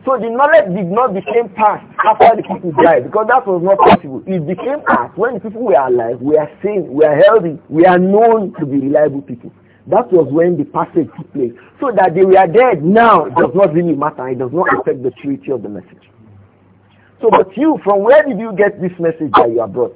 So the knowledge did not become past after the people died because that was not possible. It became past when the people were alive, we are sane, we are healthy, we are known to be reliable people. That was when the passage took place. So that they were dead now does not really matter. It does not affect the purity of the message. So, but you, from where did you get this message that you are brought?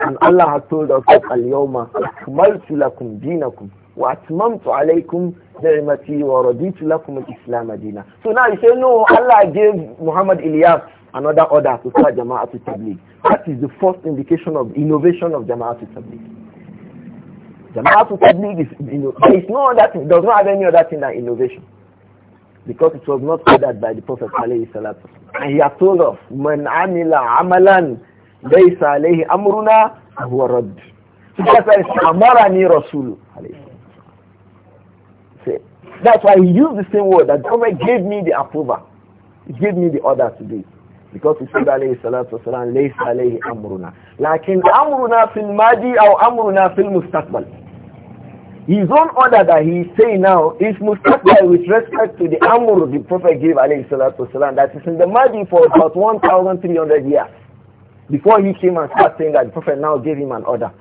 And Allah has told us that Al-Yawma akmaltu lakum dinakum wa atmamtu alaykum ni'mati wa raditu lakum al-Islam adina. So now you say, no, Allah gave Muhammad Ilyas another order to start Jama'at Tabligh. That is the first indication of innovation of Jama'at Tabligh. Jama'at Tabligh is, you know, there is no other thing, does not have any other thing than innovation. Because it was not ordered by the Prophet alayhi And he has told us, man amila amalan ليس عليه أمرنا هو رد أمرني رسول That's why he used the same word that government gave me the approval. He gave me the order to do it. Because he said alayhi salatu wasalam, ليس عليه amruna لكن أمرنا في الماضي أو amruna fil المستقبل. His own order that he is saying now is mustaqbal with respect to the Amr the Prophet gave alayhi salatu wasalam that is in the madi for about 1,300 years. Before he came and started saying that the Prophet now gave him an order.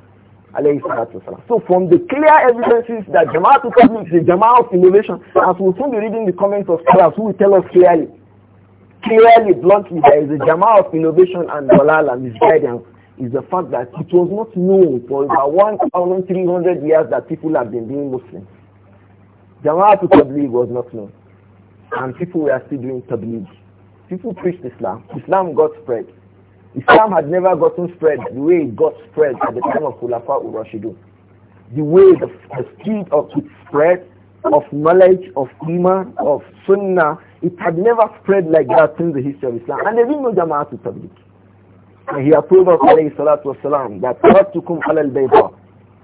So from the clear evidences that Jama'at Tabligh is a Jama'at of innovation, as we'll soon be reading the comments of scholars who will tell us clearly, clearly, bluntly, there is a Jama'at of innovation and Dalal and misguidance is the fact that it was not known for about 1,300 years that people have been being Muslims. Jama'at Tabligh was not known. And people were still doing Tabligh. People preached Islam. Islam got spread. Islam had never gotten spread the way it got spread at the time of Khulafa Urashidun. The way the, the speed of its spread of knowledge, of iman, of sunnah, it had never spread like that since the history of Islam. And they didn't know Jama'at al-Tabliq. And he had of alayhi salatu wasalam, that تَرَبْتُكُمْ عَلَى الْبَيْضَةِ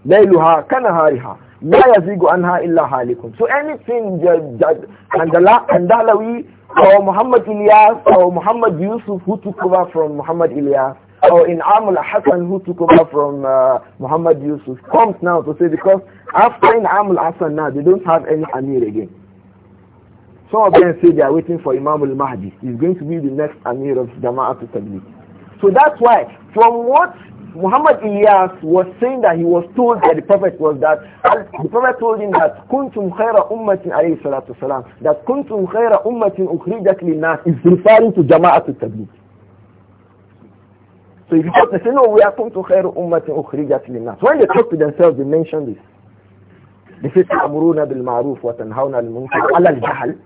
ليلها كنهارها لا يزيغ anha إلا هالك so anything Andalawi or Muhammad Ilyas or Muhammad Yusuf who took over from Muhammad Ilyas or in Amul Hassan who took over from uh, Muhammad Yusuf comes now to say because after in Amul Hassan now they don't have any Amir again some of them say they are waiting for Imam al-Mahdi. He's going to be the next Amir of Jama'at al-Tabligh. So that's why, from what Muhammad Ilyas was saying that he was told that the Prophet was that the Prophet told him that kuntum khaira ummatin alayhi salatu salam that kuntum khaira ummatin ukhrijat linnas is referring to jama'at tabligh so if you talk, say no we are kuntum khaira ummatin ukhrijat linnas when they talk to themselves they mention this they say ta'muruna bil ma'ruf wa tanhauna 'anil munkar 'ala al jahl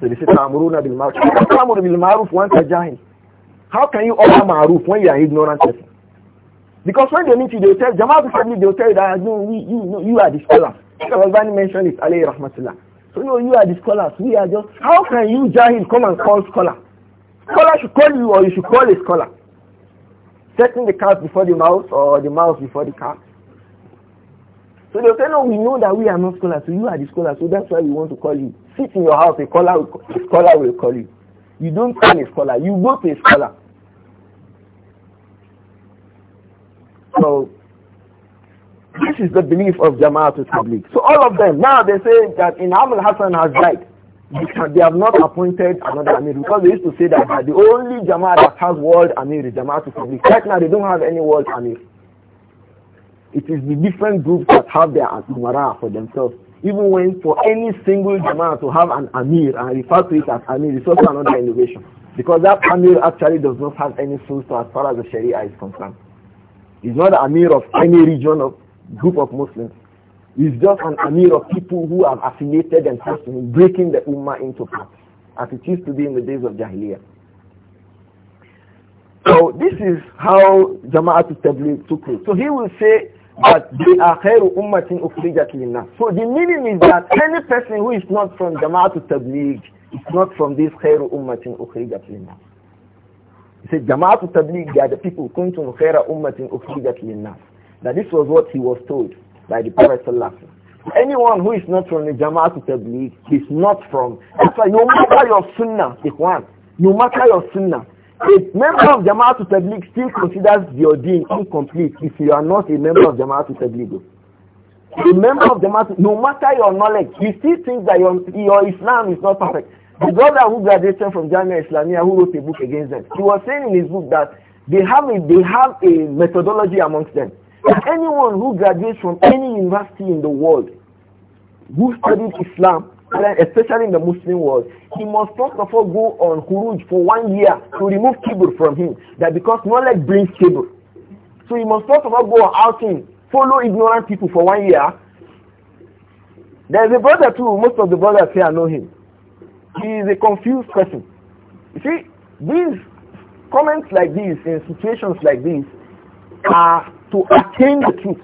so they say ta'muruna bil ma'ruf ta'muru bil ma'ruf wa anta how can you order ma'ruf when you are ignorant person because when they meet you, they will tell Jamal family, they will tell you that no, we, you, no, you are the scholar. Al-Albani mentioned it, Ali rahmatullah. So no, you are the scholars. We are just, how can you, Jahil, come and call scholar? Scholar should call you or you should call a scholar. Setting the cat before the mouse or the mouse before the cat. So they'll say, no, we know that we are not scholars, so you are the scholar, so that's why we want to call you. Sit in your house, a scholar a scholar will call you. You don't call a scholar, you go to a scholar. So this is the belief of Jama'at al-Tabligh. So all of them, now they say that Imam al-Hassan has died. They have not appointed another Amir because they used to say that, the only Jama'at that has world Amir is Jama'at al-Tabligh. Right now they don't have any world Amir. It is the different groups that have their Umara for themselves. Even when for any single Jama'at to have an Amir and refer to it as Amir is also another innovation. Because that Amir actually does not have any source as far as the Sharia is concerned. He's not an Amir of any region of group of Muslims. He's just an Amir of people who have affiliated themselves to him, breaking the Ummah into parts, as it used to be in the days of Jahiliyyah. So this is how Jama'at Tabligh took place. So he will say that they are ummatin ukhrijat So the meaning is that any person who is not from Jama'at Tabligh is not from this khairu ummatin ukhrijat linnas. He said, Jama'atu Tabligh, they are the people, kuntum khaira ummatin ukhrijat linnas. That this was what he was told by the Prophet Sallallahu Anyone who is not from the Jama'atu Tabligh is not from. That's why no matter your sunnah, Ikhwan, no matter your sunnah, a member of Jama'atu Tabligh still considers your deen incomplete if you are not a member of Jama'atu Tabligh. A member of Jama'atu, no matter your knowledge, he still thinks that your, your Islam is not perfect. The brother who graduated from Jamia Islamia who wrote a book against them, he was saying in his book that they have a, they have a methodology amongst them. anyone who graduates from any university in the world who studied Islam, especially in the Muslim world, he must first of all go on Huruj for one year to remove kibur from him. That because knowledge brings kibur. So he must first of all go outing, follow ignorant people for one year. There's a brother too, most of the brothers here know him he is a confused person. You see, these comments like these in situations like these are to attain the truth.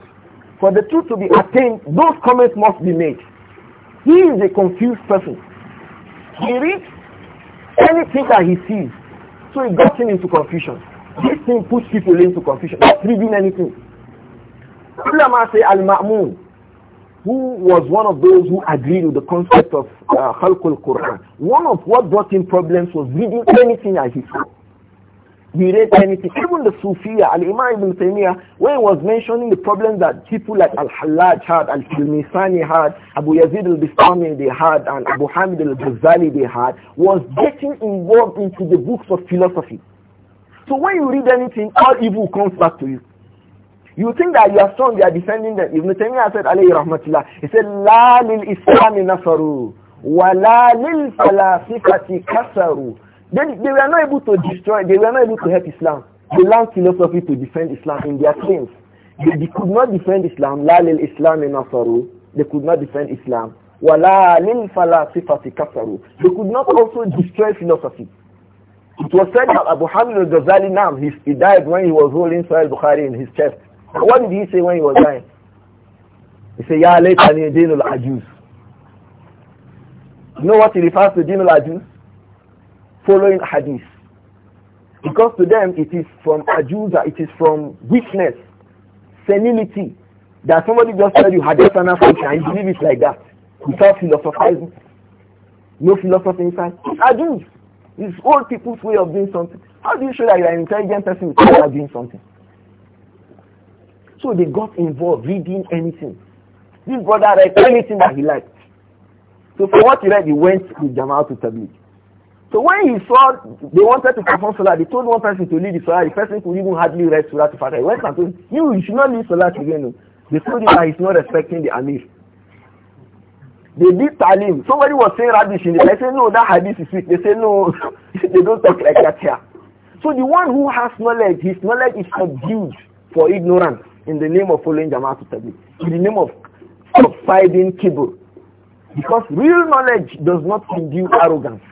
For the truth to be attained, those comments must be made. He is a confused person. He reads anything that he sees. So he got him into confusion. This thing puts people into confusion. Not reading anything. Ulama say al-ma'mun who was one of those who agreed with the concept of uh, Quran. One of what brought him problems was reading anything as he saw. He read anything. Even the Sufiya, Al-Imam Ibn Taymiyyah, when he was mentioning the problems that people like Al-Hallaj had, Al-Filmisani had, Abu Yazid al-Bistami they had, and Abu Hamid al-Ghazali they had, was getting involved into the books of philosophy. So when you read anything, all evil comes back to you. You think that you are strong, you are defending them. Ibn Taymiyyah said, alayhi rahmatullah, he said, La lil islami nasaru, wa la lil falasifati kasaru. They, they were not able to destroy, they were not able to help Islam. They learned philosophy to defend Islam in their claims. They, they could not defend Islam. La lil islami nasaru. They could not defend Islam. Wa la lil falasifati They could not also destroy philosophy. It was said that Abu Hamid al-Ghazali, now, he, he died when he was holding Sahih Bukhari in his chest. What did he say when he was dying? He said, Ya laytani dinul ajuz. You know what he refers to dinul ajuz? Following hadith. Because to them it is from ajuza, it is from weakness, senility, that somebody just tell you hadithana function and you believe it like that without philosophizing. No philosophy inside. It's ajuz. It's old people's way of doing something. How do you show that you are an intelligent person without doing something? So they got involved reading anything. This brother read anything that he liked. So for what he read, he went with Jamal to Tabligh. So when he saw they wanted to perform Salah, they told one person to lead the Salah. The person could even hardly read Salah to Fatah. He went and told him, you, you should not lead Salah again. Oh. They told him that he's not respecting the Amir. They did Talim. Somebody was saying rubbish in the I said, no, that hadith is weak. They said, no, they don't talk like that here. So the one who has knowledge, his knowledge is subdued for ignorance in the name of following Jama'at Tabi, in the name of fighting, kibble. Because real knowledge does not induce arrogance.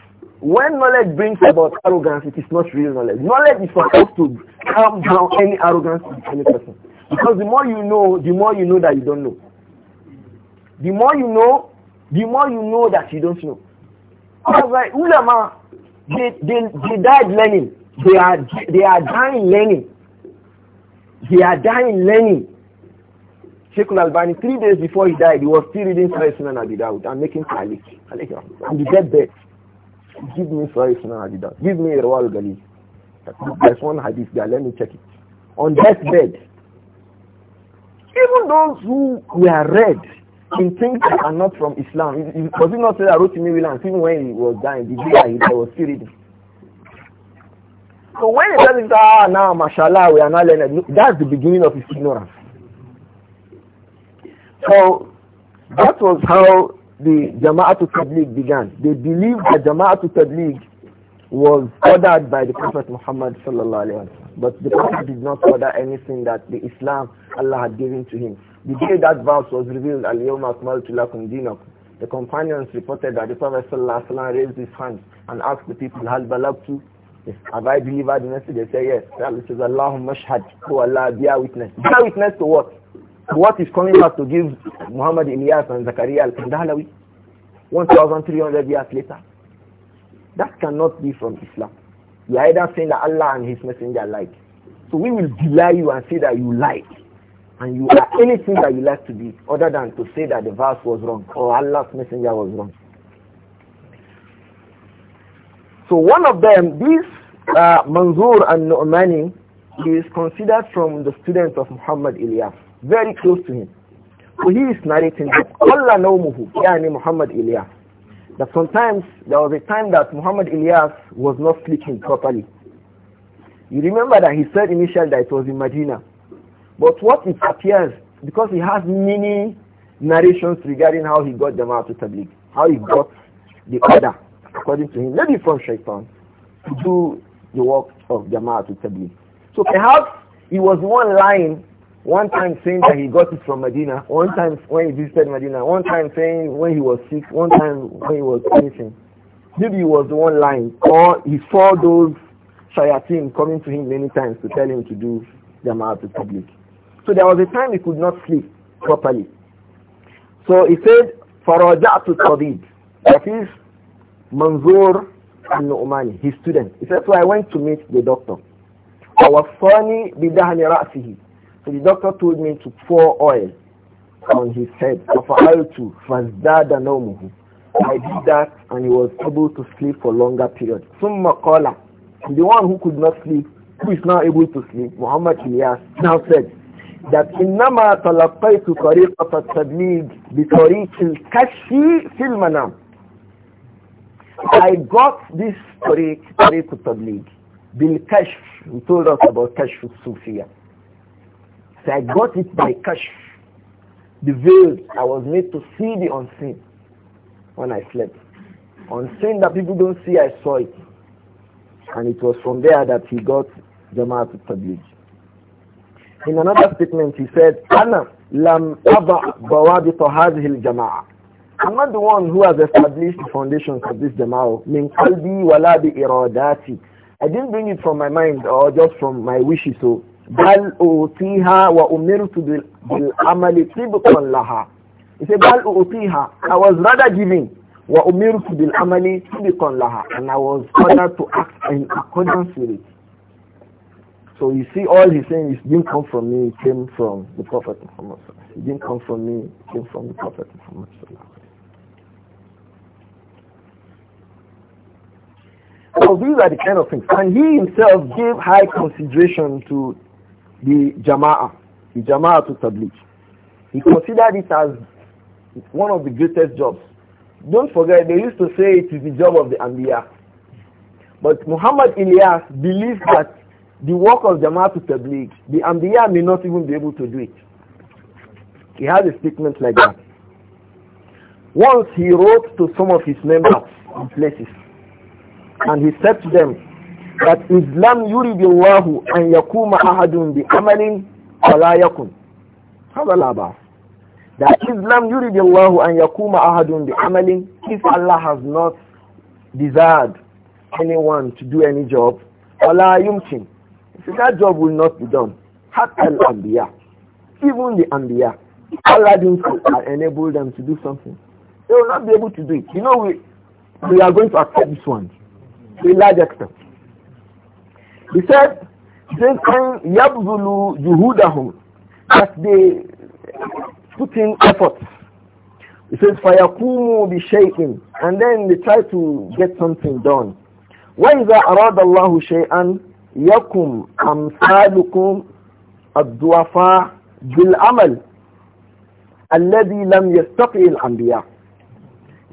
When knowledge brings about arrogance, it is not real knowledge. Knowledge is supposed to calm down any arrogance in any person. Because the more you know, the more you know that you don't know. The more you know, the more you know that you don't know. That's why ulama, they, they, they died learning. They are, they are dying learning. He had died in learning. Sheikh Al-Albani, three days before he died, he was still reading Surah Sunan Abi and making Talik. On the deathbed, give me Surah Sunan Abi Give me Rawal Ghali. There's one hadith there, let me check it. On deathbed, even those who were read in things that are not from Islam, was it not said that to Williams, even when he was dying, the day he was still reading? So when he tells him, ah, now, mashallah, we are not learning, that's the beginning of his ignorance. So that was how the Jama'atul Tabligh began. They believed that Jama'atul Tabligh was ordered by the Prophet Muhammad sallallahu alaihi wasallam. But the Prophet did not order anything that the Islam Allah had given to him. The day that verse was revealed, Al-Yawma Akmaltu Lakum Dinakum, the companions reported that the Prophet sallallahu alaihi wasallam raised his hand and asked the people, Hal Balabtu? Have I delivered the message? They say yes. Allah says, Allahumma shahad. Oh Allah, be a witness. Be a witness to what? To what is coming back to give Muhammad Ilyas and Zakaria al-Kandahlawi 1,300 years later? That cannot be from Islam. You are either saying that Allah and His Messenger like. So we will deny you and say that you like. And you are anything that you like to be other than to say that the verse was wrong or Allah's Messenger was wrong. So one of them, these uh, Manzur and Nu'mani is considered from the students of Muhammad Ilyas, very close to him. So he is narrating that Allah nawmuhu, yani Muhammad Ilyas. That sometimes there was a time that Muhammad Ilyas was not sleeping properly. You remember that he said initially that it was in Medina. But what it appears, because he has many narrations regarding how he got them out of Tabligh, how he got the order, according to him, maybe from Shaitan, to do the work of Jama'at Tabligh. So perhaps he was one lying, one time saying that he got it from Medina, one time when he visited Medina, one time saying when he was sick, one time when he was anything. Maybe he was the one lying, or he saw those shayateen coming to him many times to tell him to do Jama'at Tabligh. So there was a time he could not sleep properly. So he said, فَرَجَعْتُ الطَّبِيبِ That is, Manzur al-Nu'mani, his student. He said, so I went to meet the doctor. فَوَصَّانِي بِدَهْنِ رَأْسِهِ So the doctor told me to pour oil on his head. فَفَعَلْتُ I did that and he was able to sleep for longer periods. ثُمَّ قَالَ The one who could not sleep, who is now able to sleep, Muhammad Ilyas, now said, that إِنَّمَا تَلَقَّيْتُ طَرِيقَةَ التَّبْلِيغِ بِطَرِيقِ الْكَشْفِ فِي الْمَنَامِ I got this story, story to Bil Kashf, who told us about Kashf Sufiya. So I got it by Kashf, the veil. I was made to see the unseen when I slept. Unseen that people don't see, I saw it. And it was from there that he got Jamaat Tabligh. In another statement, he said, أنا لم أضع ضوابط هذه الجماعة I'm not the one who has established the foundations of this Jama'ah. Min qalbi wala bi iradati. I didn't bring it from my mind or just from my wishes. So, bal utiha wa umirtu bil amali tibqan laha. He said, bal utiha. I was rather giving. Wa umirtu bil amali tibqan laha. And I was ordered to act in accordance with it. So you see all he's saying is didn't come from me, it came from the Prophet Muhammad. It didn't come from me, it came from the Prophet Muhammad. So these are the kind of things. And he himself gave high consideration to the Jama'ah, the Jama'ah to Tabligh. He considered it as one of the greatest jobs. Don't forget, they used to say it is the job of the Anbiya. But Muhammad Ilyas believes that the work of to Tabligh, the Anbiya may not even be able to do it. He had a statement like that. Once he wrote to some of his members in places and he said to them that Islam yurid Allahu an yakuma ahadun bi amalin wala yakun. Hada That Islam yurid Allahu an yakuma ahadun bi amalin if Allah has not desired anyone to do any job wala yumkin. So that job will not be done. Hatta al-anbiya. Even the anbiya. Allah didn't enable them to do something. They will not be able to do it. You know, we, we are going to accept this one to a large extent. He said, they can yabzulu juhudahum, that they put in efforts. He says, fayakumu be shaking, and then they try to get something done. وَإِذَا أَرَادَ اللَّهُ شَيْئًا يَكُمْ أَمْثَالُكُمْ الضُّعَفَاءُ بِالْعَمَلِ الَّذِي لَمْ يَسْتَطِعِ الْأَنْبِيَاءُ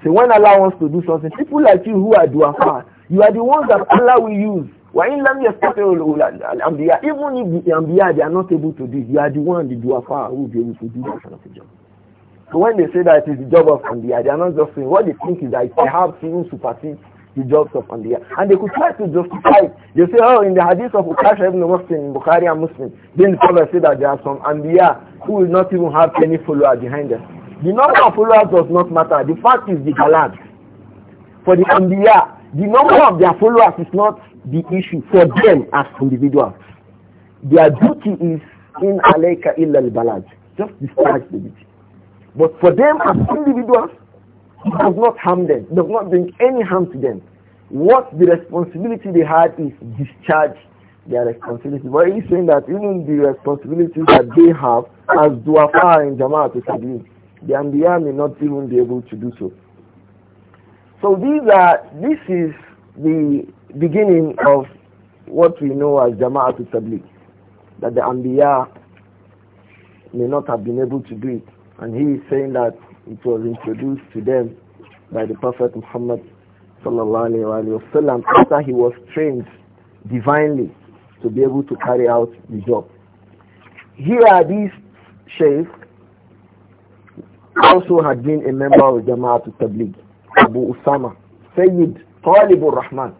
So when Allah wants to do something, people like you who are duafa, you are the ones that Allah will use. وَإِنْ لَمْ يَسْتَطِعُوا الْأَنْبِيَاء Even if the Anbiya, they are not able to do you are the one, the Duafa, who will be able to do that kind of job. So when they say that it is the job of Anbiya, they are not just saying, what they think is that they have even supersedes the jobs of Anbiya. And they could try to justify it. They say, oh, in the hadith of Ukash ibn Muslim, in Bukhari and Muslim, then the Prophet said that there are some Anbiya who will not even have any follower behind them. The number of followers does not matter. The fact is the galad. For the Anbiya, the number of their followers is not the issue for them as individuals. Their duty is in aleka illa al-balaj. Just discharge the duty. But for them as individuals, it does not harm them, does not bring any harm to them. What the responsibility they had is discharge their responsibility. But he's saying that even the responsibilities that they have as duafa and Jama'at al-Tabliq, the Anbiya may not even be able to do so. So these are, this is the beginning of what we know as Jama'atul Tabligh, that the Anbiya may not have been able to do it. And he is saying that it was introduced to them by the Prophet Muhammad wasallam after he was trained divinely to be able to carry out the job. Here are these sheikhs also had been a member of Jama'atul Tabligh. Abu Usama, Sayyid Talibur Rahman.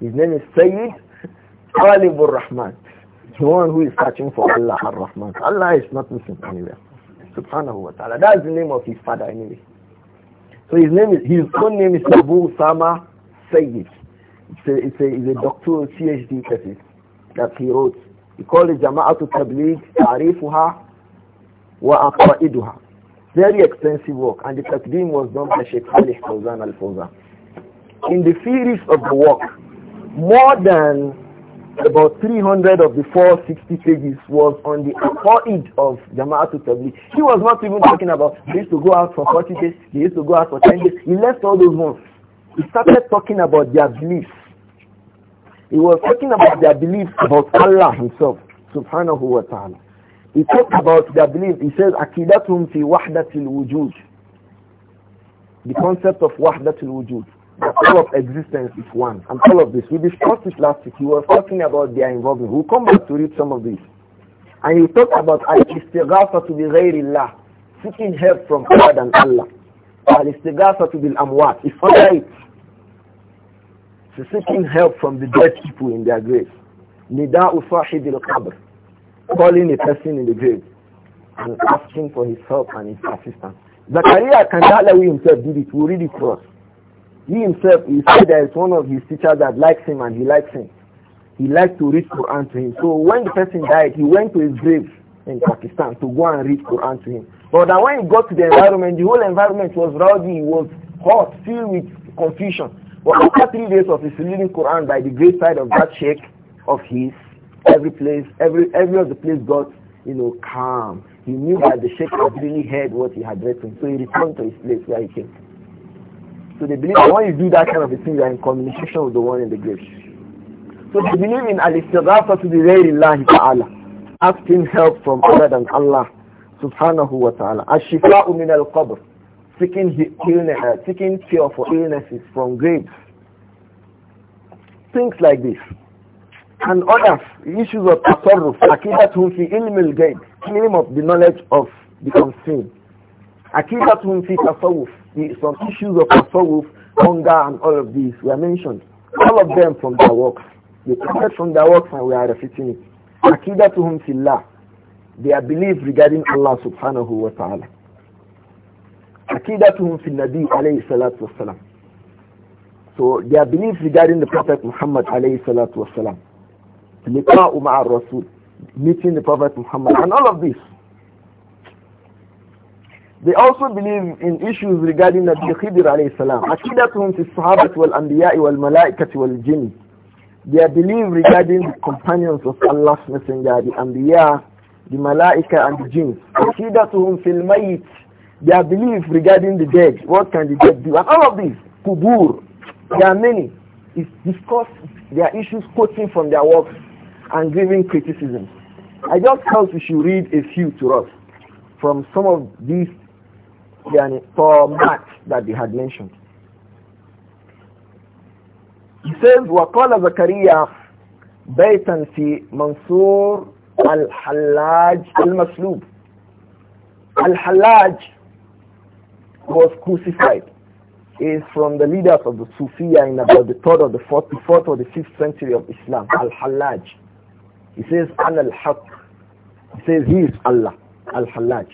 His name is Sayyid Talibur Rahman. The one who is searching for Allah Ar-Rahman. Allah is not missing anywhere. Subhanahu wa ta'ala. That's the name of his father anyway. So his name is, his own name is Abu Usama Sayyid. It's a, it's a, it's a doctoral PhD thesis that he wrote. He called it Jama'atu Tabligh Ta'rifuha wa Aqra'iduha. Very extensive work. And the taqdeem was done by Sheikh Salih Fawzan al-Fawzan. In the series of the work, more than about 300 of the 460 pages was on the aqaid of Jama'at Tabligh. He was not even talking about they used to go out for 40 days, they used to go out for 10 days. He left all those ones. He started talking about their beliefs. He was talking about their beliefs about Allah himself, subhanahu wa ta'ala. He talked about their belief. He says, Akidatum fi wahdatil wujud. The concept of wahdatil wujud. The all of existence is one. And all of this. We discussed this last week. He was talking about their involvement. We'll come back to read some of this. And he talked about al-istighatha to bi ghayrillah. Seeking help from other than Allah. Al-istighatha to be amwat. It's alright. seeking help from the dead people in their graves. Nida'u sahib al-qabr calling a person in the grave and asking for his help and his assistance. Zakaria we himself did it. We read it for us. He himself, he said there is one of his teachers that likes him and he likes him. He likes to read Quran to him. So when the person died, he went to his grave in Pakistan to go and read Quran to him. But when he got to the environment, the whole environment was rowdy, was hot, filled with confusion. But after three days of his reading Quran by the great side of that sheikh of his, Every place, every every other place got, you know, calm. He knew that the sheikh had really heard what he had written, so he returned to his place where he came. So they believe when you do that kind of a thing, you are in communication with the one in the grave. So they believe in al-istighafa to the ghayrillahi ta'ala, asking help from other than Allah subhanahu wa ta'ala. Ashifa shifau min al-qabr, seeking, illness, uh, seeking cure for illnesses from graves. Things like this and others, issues of tasarruf, akidatun fi ilm al-gayb, claim of the knowledge of the unseen. Akidatun fi tasawuf, some issues of tasawuf, hunger and all of these were mentioned. All of them from their works. They come from their works and we are refuting it. Akidatuhum fillah, their belief regarding Allah subhanahu wa ta'ala. Akidatuhum fi nabi alayhi salatu wasalam. So their belief regarding the Prophet Muhammad alayhi salatu salam. Liqa Umar Rasul, meeting the Prophet Muhammad, and all of this. They also believe in issues regarding Nabi Khidir alayhi salam. Akidatuhum fi sahabat wal anbiya'i wal malaikati wal jinn. Their belief regarding the companions of Allah's messenger, the anbiya, the malaika and the jinns. Akidatuhum fil mayit. Their belief regarding the dead. What can the dead do? And all of these, kubur, there are many. It's discussed their issues quoting from their works and giving criticisms. I just felt we should read a few to us from some of these yani, formats that they had mentioned. He says, وقال زكريا بيتا في منصور الحلاج المسلوب. Al-Hallaj was crucified. is from the leaders of the Sufiya in about the third or the fourth, fourth or the fifth century of Islam. Al-Hallaj. He says, al-Haq. He says, he is Allah, al-Hallaj.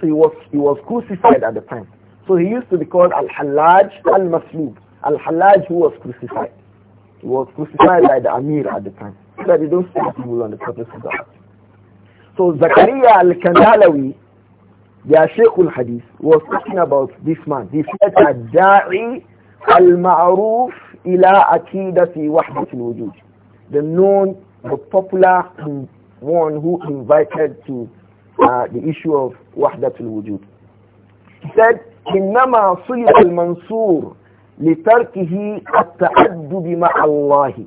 So he was, he was crucified at the time. So he used to be called al-Hallaj al-Maslub. Al-Hallaj who was crucified. He was crucified by the Amir at the time. So that they don't see people on the purpose of God. So Zakaria al-Kandalawi, the Sheikh al-Hadith, was talking about this man. He said, Ad-Da'i al-Ma'ruf ila akidati wahdati al-wujud. The known the popular um, one who invited to uh, the issue of Wahdatul Wujud. He said, إنما mansur المنصور al التأدب مع الله.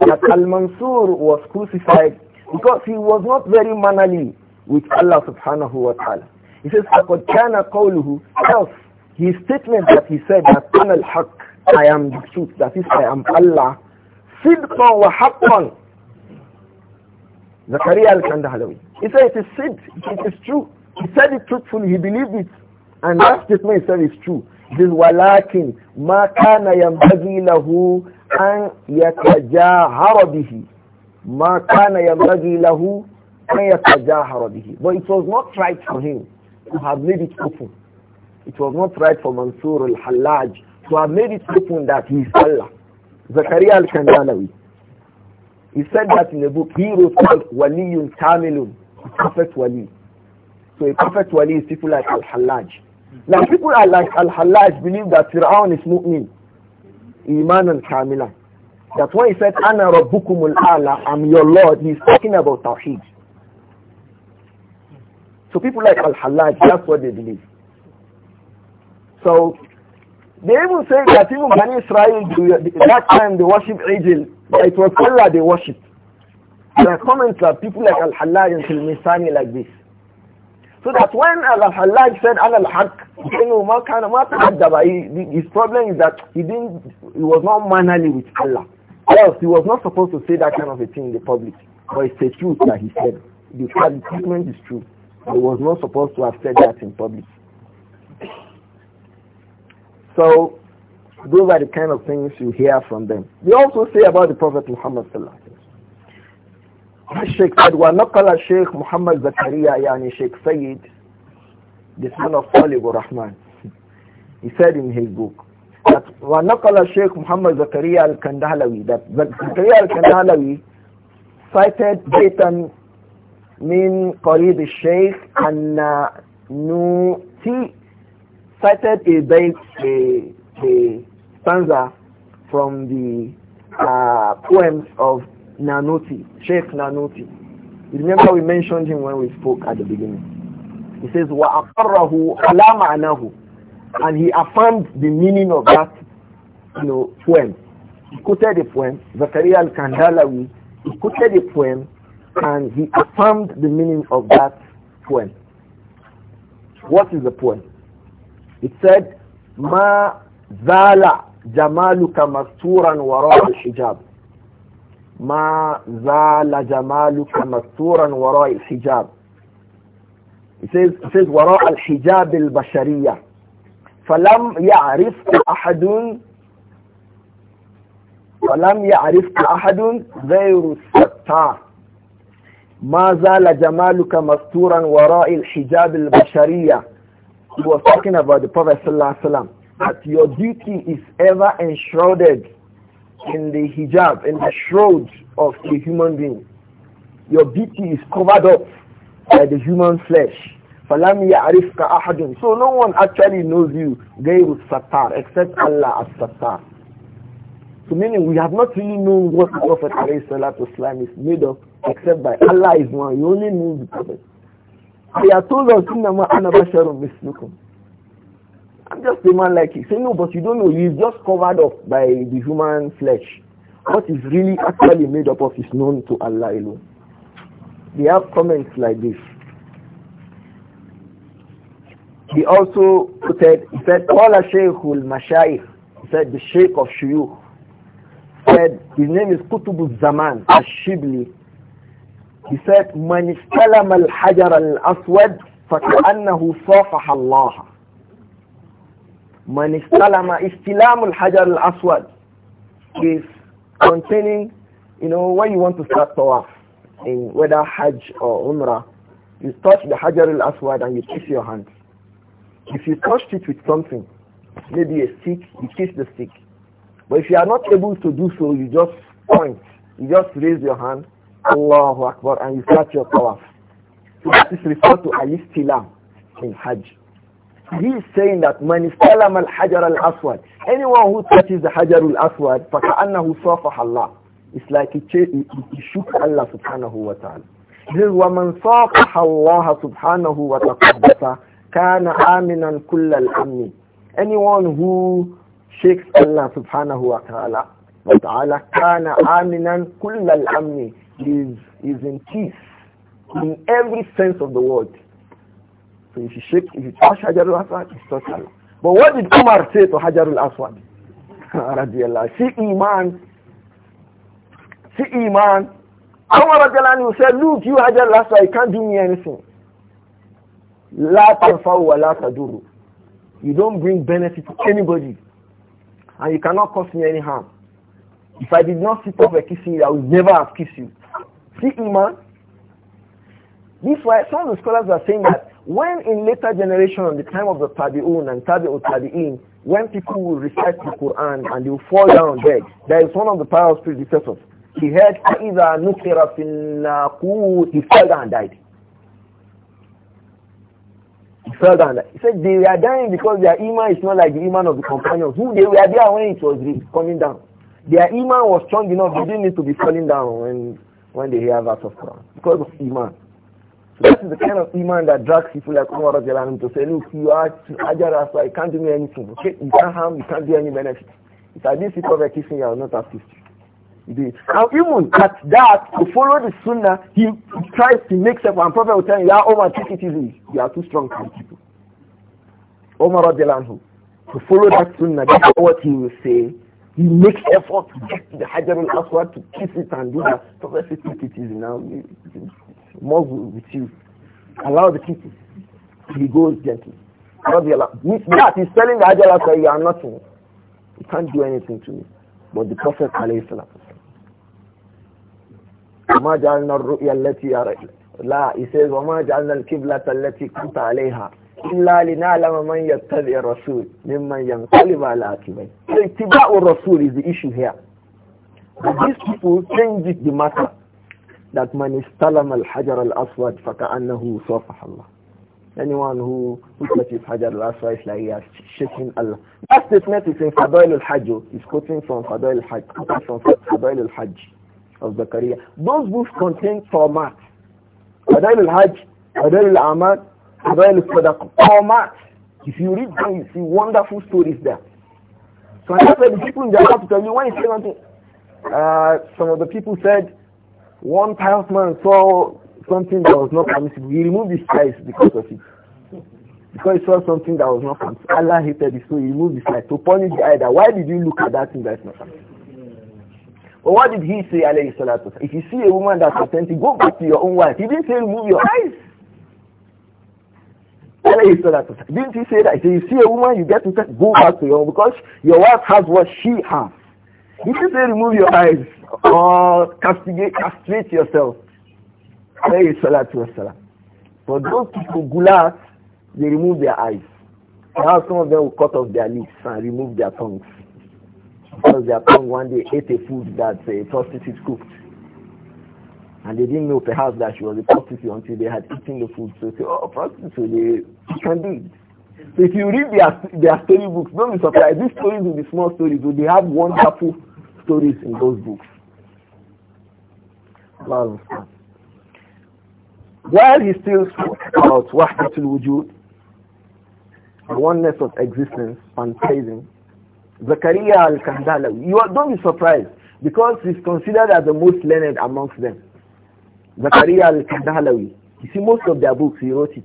That Al-Mansur was crucified because he was not very mannerly with Allah subhanahu wa ta'ala. He says, فَقَدْ كَانَ قَوْلُهُ Else, his statement that he said that al الْحَقِّ I am the truth, that is, I am Allah. wa وَحَقًّا Zakaria al-Kandahalawi. He said it is said, it is true. He said it truthfully, he believed it. And that statement itself is true. This walakin ma kana yambagi lahu an yatajahara bihi. Ma kana yambagi lahu an yatajahara bihi. But it was not right for him to have made it open. It was not right for Mansur al-Hallaj to have made it open that he is Allah. Zakaria al-Kandalawi. He said that in a book he wrote called Waliyun Kamilun, Prophet Wali. So a Prophet Wali is people like Al-Hallaj. Now people are like Al-Hallaj believe that Fir'aun is mu'min, Iman and Kamilan. That when he said, Ana Rabbukumul Ala, I'm your Lord, he's talking about Tawheed. So people like Al-Hallaj, that's what they believe. So they even say that even Bani Israel, that time they worship Ijil, but it was Allah they worshipped. There are comments of people like Al-Hallaj and Tilmisani like this. So that when Al-Hallaj said Al-Haq, he, his problem is that he didn't, he was not mannerly with Allah. Else, he was not supposed to say that kind of a thing in the public. But it's the truth that he said. The statement is true. He was not supposed to have said that in public. So those are the kind of things you hear from them. They also say about the Prophet Muhammad sallallahu alaihi wasallam. Sheikh said, وَنَقَلَ الشيخ Muhammad Zakaria يعني Sheikh Sayyid, the son of Talib Rahman. He said in his book, that وَنَقَلَ Sheikh Muhammad Zakaria al-Kandalawi, that Zakaria al-Kandalawi cited Baitan min قريب Sheikh and نوتي cited a bait, a, stanza from the uh, poems of Nanuti, Sheikh Nanuti. You remember we mentioned him when we spoke at the beginning. He says, وَأَقَرَّهُ عَلَى مَعْنَهُ And he affirmed the meaning of that you know, poem. He quoted the poem, Zakaria al-Kandalawi, he quoted the poem and he affirmed the meaning of that poem. What is the poem? It said, Ma zala جمالك مستورا وراء الحجاب ما زال جمالك مستورا وراء الحجاب It says, it says وراء الحجاب البشرية فلم يعرف أحد فلم يعرف أحد غير الستار ما زال جمالك مستورا وراء الحجاب البشرية He was talking about the Prophet sallallahu alaihi wasallam that your duty is ever enshrouded in the hijab, in the shroud of a human being. Your duty is covered up by the human flesh. So no one actually knows you, غَيْرُ السَّتَّارِ, except Allah as-Sattar. So meaning we have not really known what the Prophet Islam is made of, except by Allah is one. You only know the Prophet. are told I'm just a man like you. Say, no, but you don't know. He's just covered up by the human flesh. What is really actually made up of is known to Allah alone. They have comments like this. He also said, he said, Qala Shaykhul Mashayikh. He said, the Shaykh of Shuyukh. said, his name is Kutubuz Zaman, Ash-Shibli. He said, Man istalama al-hajar al-aswad فكأنه صافح Allah. Man istalama istilamul hajar al-aswad is containing, you know, when you want to start tawaf, in whether hajj or umrah, you touch the hajar al-aswad and you kiss your hand. If you touched it with something, maybe a stick, you kiss the stick. But if you are not able to do so, you just point. You just raise your hand, Allahu Akbar, and you start your tawaf. So is referred to al-istilam in hajj he's saying that man istalam al hajar al aswad. Anyone who touches the hajar al aswad, فَكَأَنَّهُ صَافَحَ Allah. It's like he, he shook Allah subhanahu wa ta'ala. This is وَمَنْ صَافَحَ اللَّهَ سُبْحَانَهُ وَتَقَدَّسَ كَانَ آمِنًا كُلَّ الْأَمْنِ Anyone who shakes Allah subhanahu wa ta'ala, wa ta'ala كَانَ آمِنًا كُلَّ الْأَمْنِ is, is in peace in every sense of the word. So if you shake, if you touch Hajarul Aswad, it's touch Allah. But what did Umar say to Hajarul Aswad? See Iman. See Iman. Umar Radiallahu said, look, you Hajarul Aswad, you can't do me anything. La tanfa'u wa la taduru. You don't bring benefit to anybody. And you cannot cause me any harm. If I did not sit up and kiss you, I would never have kissed you. See Iman. This why some of the scholars are saying that when in later generation, the time of the Tabi'un and Tabi'ut Tabi'in, when people will recite the Quran and they will fall down dead, there is one of the pious predecessors. He heard either Nukira Finnaku, he fell down and died. He fell down He said they were dying because their iman is not like the iman of the companions who they were there when it was coming down. Their iman was strong enough, they didn't need to be falling down when, when they hear verse of Quran because of iman. So that is the kind of iman that drags people like Umar to say, look, you are Ajara, so I can't do me anything. Okay? You can't harm, you can't do any benefit. If I did sit over kissing, I will not assist you. Now even at that, to follow the sunnah, he tries to make up and Prophet will tell you, yeah, Omar, take it easy. You are too strong for people. Omar Adelanhu, to follow that sunnah, that's what he will say. He makes effort to get to the Hajar al-Aswad to kiss it and do that. Prophet says, take it easy now move with you. Allow the people. He goes gently. That is he's telling the Ajala that you are nothing. You can't do anything to me. But the Prophet alayhi salam. وما جعلنا الرؤيا التي لا he says وما جعلنا الكبلة التي كنت عليها إلا لنعلم من يتبع الرسول ممن ينقلب على عقبيه اتباع الرسول is the issue here but these people change the matter that man istalam al-hajar al-aswad faka'annahu safah Allah. Anyone who looks at his hajar al-aswad is like he has shaken Allah. That statement is in Fadail al-Hajj. Oh. It's quoting from Fadail al-Hajj, from Fadail al-Hajj of Zakaria. Those books contain format. Fadail al-Hajj, Fadail al-Amad, Fadail al-Sadaq. Format. If you read them, you see wonderful stories there. So I said the people in the house tell me, when you say something. Uh, some of the people said one pious man saw something that was not permissible. He removed his eyes because of it. Because he saw something that was not permissible. Allah hated it, so he removed his eyes to punish the eye that why did you look at that thing that is not permissible? But what did he say, alayhi salatu? If you see a woman that's authentic, go back to your own wife. He didn't say remove your eyes. Alayhi salatu. Didn't he say that? If you see a woman, you get to go back to your own because your wife has what she has. Did you say remove your eyes or castigate, castrate yourself? Alayhi to wasalam. But those people, gulat, they remove their eyes. Now some of them will cut off their lips and remove their tongues. Because their tongue one day ate a food that a prostitute cooked. And they didn't know perhaps that she was a prostitute until they had eaten the food. So say, oh, prostitute, they can be. So if you read their, their story books, don't be surprised. These stories will be small stories. Will they have wonderful stories in those books. While he still spoke about Wahdatul Wujud, the oneness of existence phantasm, Zakaria al-Kandalawi, you are, don't be surprised because he's considered as the most learned amongst them. Zakaria al-Kandalawi, you see most of their books he wrote it.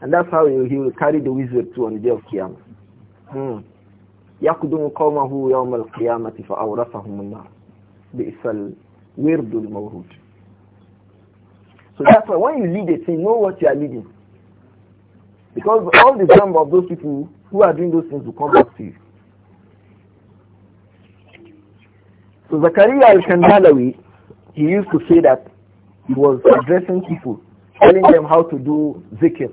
And that's how he, he will carry the wizard to on the day of Qiyamah. Hmm. يقدم قومه يوم القيامة فأورثهم النار بئس الورد المورود So that's why when you lead a thing, know what you are leading. Because all the number of those people who are doing those things will come back to you. So Zakaria al-Kandalawi, he used to say that he was addressing people, telling them how to do zikr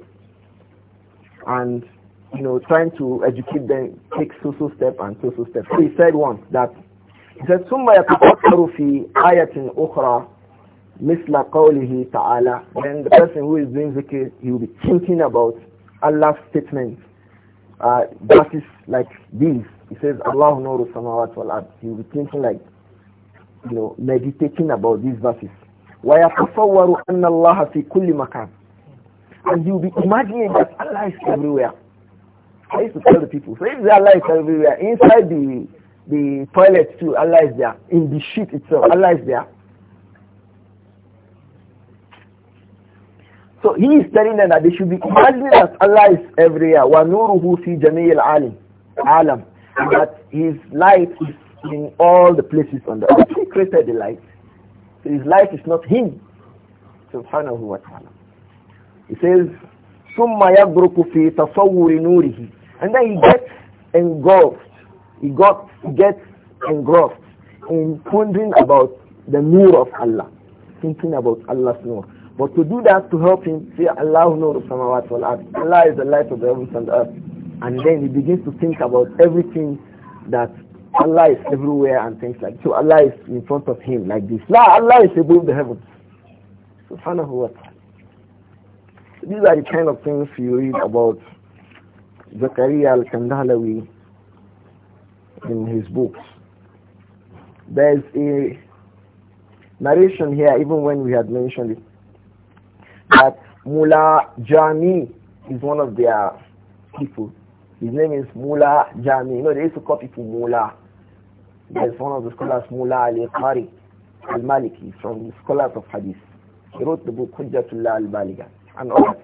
and you know, trying to educate them, take so-so step and so-so step. So he said once that, he said, ثُمَّ يَتَفَكَّرُ فِي آيَةٍ أُخْرَى misla قَوْلِهِ ta'ala Then the person who is doing zikr, he will be thinking about Allah's statements, uh, verses like this. He says, Allah knows samawat wal ard. He will be thinking like, you know, meditating about these verses. وَيَتَصَوَّرُ أَنَّ اللَّهَ fi kulli makan," And he will be imagining that Allah is everywhere. I used to tell the people, so if there are lights everywhere, inside the the toilet too, Allah is there. In the sheet itself, Allah is there. So he is telling them that they should be imagining that Allah is everywhere. وَنُورُهُ فِي جَمِيعِ الْعَالَمِ alam, That his light is in all the places on the earth. He created the light. So his light is not him. Subhanahu wa ta'ala. He says, ثُمَّ يَبْرُكُ فِي تَصَوُّرِ نُورِهِ and then he gets engulfed. He got he gets engulfed in pondering about the nur of Allah, thinking about Allah's nur. But to do that to help him, say Allah knows. samawat wal ard. Allah is the light of the heavens and earth. And then he begins to think about everything that Allah is everywhere and things like that. So Allah is in front of him like this. Allah is above the heavens. Subhanahu wa ta'ala. These are the kind of things you read about Zakaria al-Kandhalawi in his books. There's a narration here, even when we had mentioned it, that Mulla Jami is one of their people. His name is Mulla Jami. You know, they used to call people There's one of the scholars, Mulla al-Qari al-Maliki, from the scholars of Hadith. He wrote the book Hujjatullah al-Baliga and others.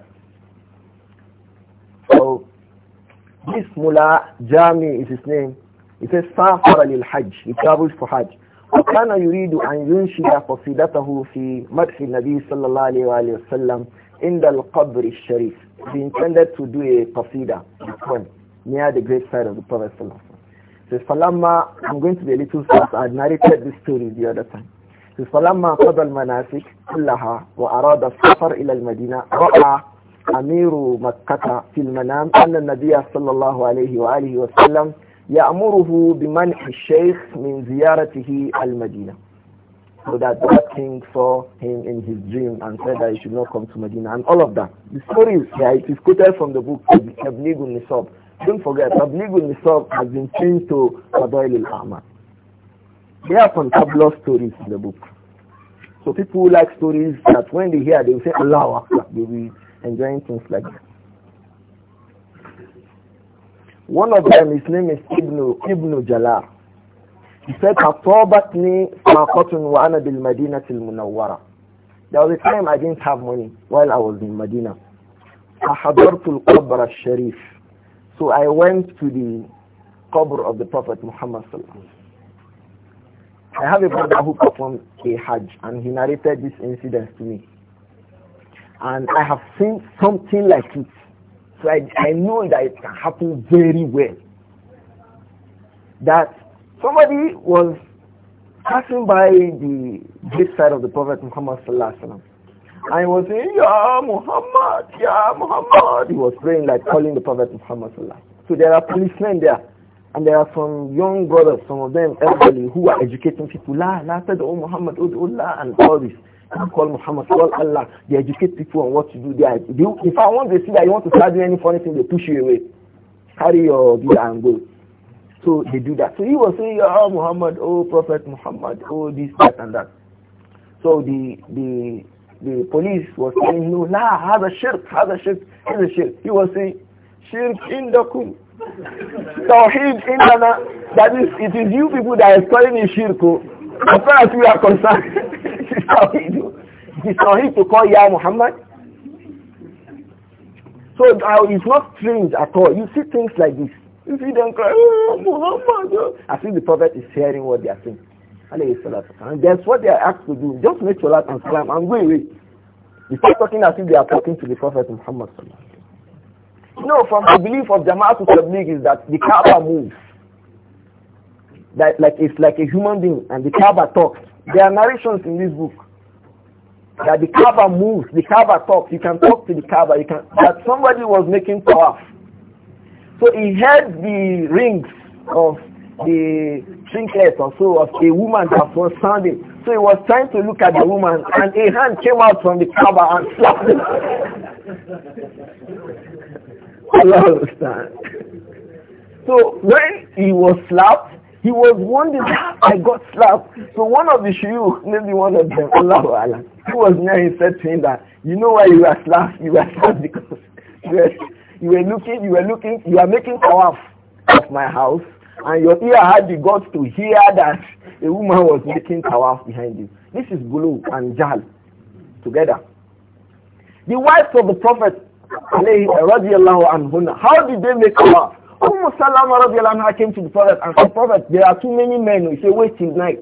This mullah Jami is his name. He says, Safar al-Hajj. He travels for Hajj. وكان يريد أن ينشد قصيدته في مدح النبي صلى الله عليه وآله وسلم عند القبر الشريف. He intended to do a qasida, near the great side of the Prophet صلى الله عليه وسلم. Says, فلما, I'm going to be a little fast. I narrated this story the other time. Says, فلما قضى المناسك كلها وأراد السفر إلى المدينة رأى أمير مكة في المنام أن النبي صلى الله عليه وآله وسلم يأمره بمنح الشيخ من زيارته المدينة so that God king for him in his dream and said that he should not come to Medina and all of that. The story is here. It is quoted from the book Tabligul Nisab. Don't forget, Tabligul Nisab has been changed to Fadail al-Ahmad. There are some tabloid stories in the book. So people like stories that when they hear, they will say, Allah Akbar. They will enjoying things like that. One of them, his name is Ibn, Ibn Jala. He said, أَطَابَتْنِي فَاقَةٌ وَأَنَا بِالْمَدِينَةِ الْمُنَوَّرَةِ There was a time I didn't have money while I was in Medina. فَحَضَرْتُ الْقَبْرَ Sharif. So I went to the qabr of the Prophet Muhammad sallallahu I have a brother who performed a Hajj and he narrated this incident to me and I have seen something like it. So I, I know that it can happen very well. That somebody was passing by the this side of the Prophet Muhammad Sallallahu Alaihi Wasallam. And he was saying, Ya Muhammad, Ya Muhammad. He was praying like calling the Prophet Muhammad Sallallahu So there are policemen there. And there are some young brothers, some of them elderly, who are educating people. La, la, said, oh Muhammad, oh, oh, la, and all this. Can't call Muhammad, call Allah. They educate people on what to do. They, I they to see that you want to start doing any funny thing, they push you away. Carry your gear and go. So they do that. So he was saying, oh Muhammad, oh Prophet Muhammad, oh this, that and that. So the the the police was saying, no, la, has a shirk, has a shirk, has a shirk. He was saying, shirk in the kum. Tawheed in the That is, it is you people that are calling in shirk. Oh. As far as we are concerned, it is for to call Ya Muhammad? So uh, it's not strange at all. You see things like this. You see them cry, oh, Muhammad. Oh. I think the prophet is hearing what they are saying. And that's what they are asked to do. Just make salat and salam and go away. Before talking as if they are talking to the prophet Muhammad. You know, from the belief of Jamaatul Tabligh is that the Kaaba moves. That like it's like a human being and the Kaaba talks. There are narrations in this book that the carver moves, the carver talks, you can talk to the carver, you can, that somebody was making cough. So he heard the rings of the trinket or so of a woman that was standing. So he was trying to look at the woman and a hand came out from the carver and slapped him. understand. So when he was slapped, he was wondering, I got slapped. So one of the shiyu, maybe one of them, Allahu he was near him, said to him that, you know why you were slapped? You were slapped because you were, you were looking, you were looking, you were making tawaf of my house, and your ear had the guts to hear that a woman was making tawaf behind you. This is gulu and jal together. The wives of the Prophet, how did they make tawaf? Umm Salama radiallahu came to the Prophet and said, Prophet, there are too many men. He said, wait till night.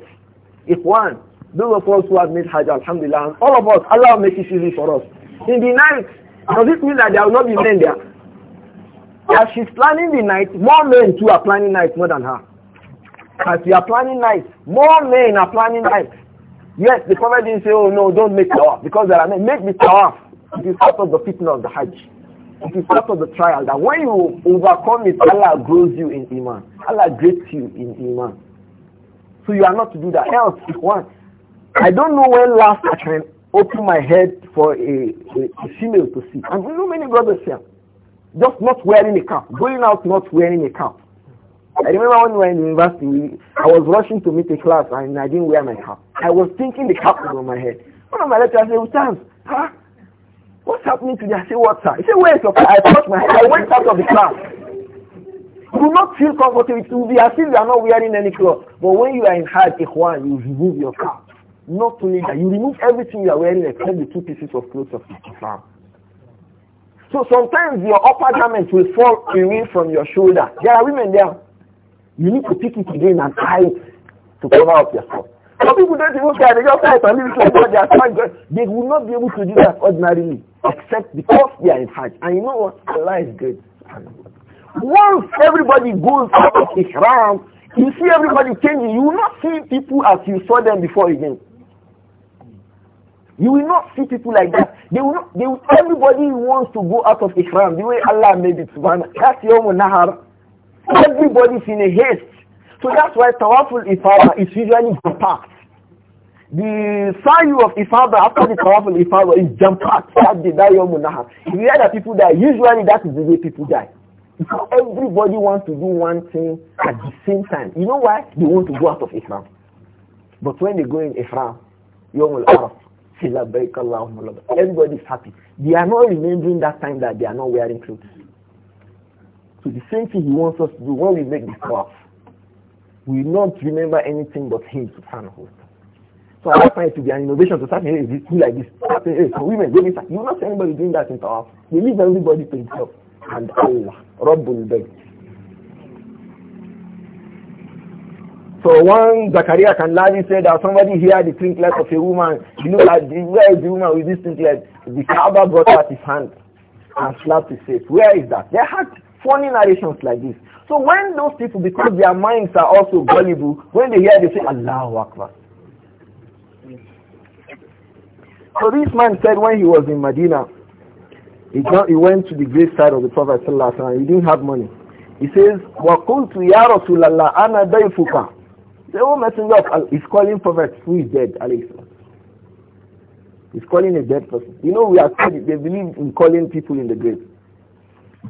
If one, those of us who have made Hajj, alhamdulillah, and all of us, Allah makes it easy for us. In the night, does it mean that there will not be men there? As she's planning the night, more men too are planning night more than her. As we are planning night, more men are planning night. Yes, the Prophet didn't say, oh no, don't make tawaf, because there are men. Make the tawaf. It is part of the fitness of the Hajj. It is part of the trial that when you overcome it, Allah grows you in Iman. Allah grates you in Iman. So you are not to do that. Else, one, I don't know when last I can open my head for a, a, a female to see. And we know many brothers here, just not wearing a cap, going out not wearing a cap. I remember when we were in university, I was rushing to meet a class and I didn't wear my cap. I was thinking the cap was on my head. One of my lecturers said, Utans, huh? What's happening to you? I say, what, sir? He said, where is your car? I touched my head. I went out of the car. You do not feel comfortable. It will be as if you are not wearing any clothes. But when you are in high ikhwan, you remove your cap. Not only that, you remove everything you are wearing except the two pieces of clothes of Islam. So sometimes your upper garment will fall away from your shoulder. There are women there. You need to pick it again and tie it to cover up yourself. Some people don't even care. They just fight and leave it like that. They are trying They will not be able to do that ordinarily, except because they are in charge. And you know what? Allah is good. Once everybody goes out of Islam, you see everybody changing. You will not see people as you saw them before again. You will not see people like that. They will not, they will, everybody wants to go out of Islam the way Allah made it. That's your Nahar. Everybody's in a haste. So that's why Tawaful Ifada is usually jam-packed. The value of Ifada after the Tawaful Ifada is jam-packed. That day, that Yom If you hear that people die, usually that is the way people die. Because everybody wants to do one thing at the same time. You know why? They want to go out of Islam. But when they go in Ifram, Yom Al-Araf, Everybody is happy. They are not remembering that time that they are not wearing clothes. So the same thing he wants us to do when we make the tawaf will not remember anything but him, subhanahu host. So I find it to be an innovation to start hey, this like this, starting, hey, some women, go You will not see anybody doing that in power. They leave everybody to himself and Allah, Rabbul Bayt. So one Zakaria can largely say that somebody here the trinklet of a woman, you know that the, where is the woman with this trinklet? The Kaaba brought out his hand and slapped his face. Where is that? They had funny narrations like this. So when those people, because their minds are also gullible, when they hear, they say, Allahu Akbar. So this man said when he was in Medina, he, he went to the grave side of the Prophet Wasallam. he didn't have money. He says, وَقُلْتُ يَا رَسُولَ اللَّهِ أَنَا دَيْفُكَ The old messenger of is calling Prophet who is dead, Alayhi He's calling a dead person. You know, we are they believe in calling people in the grave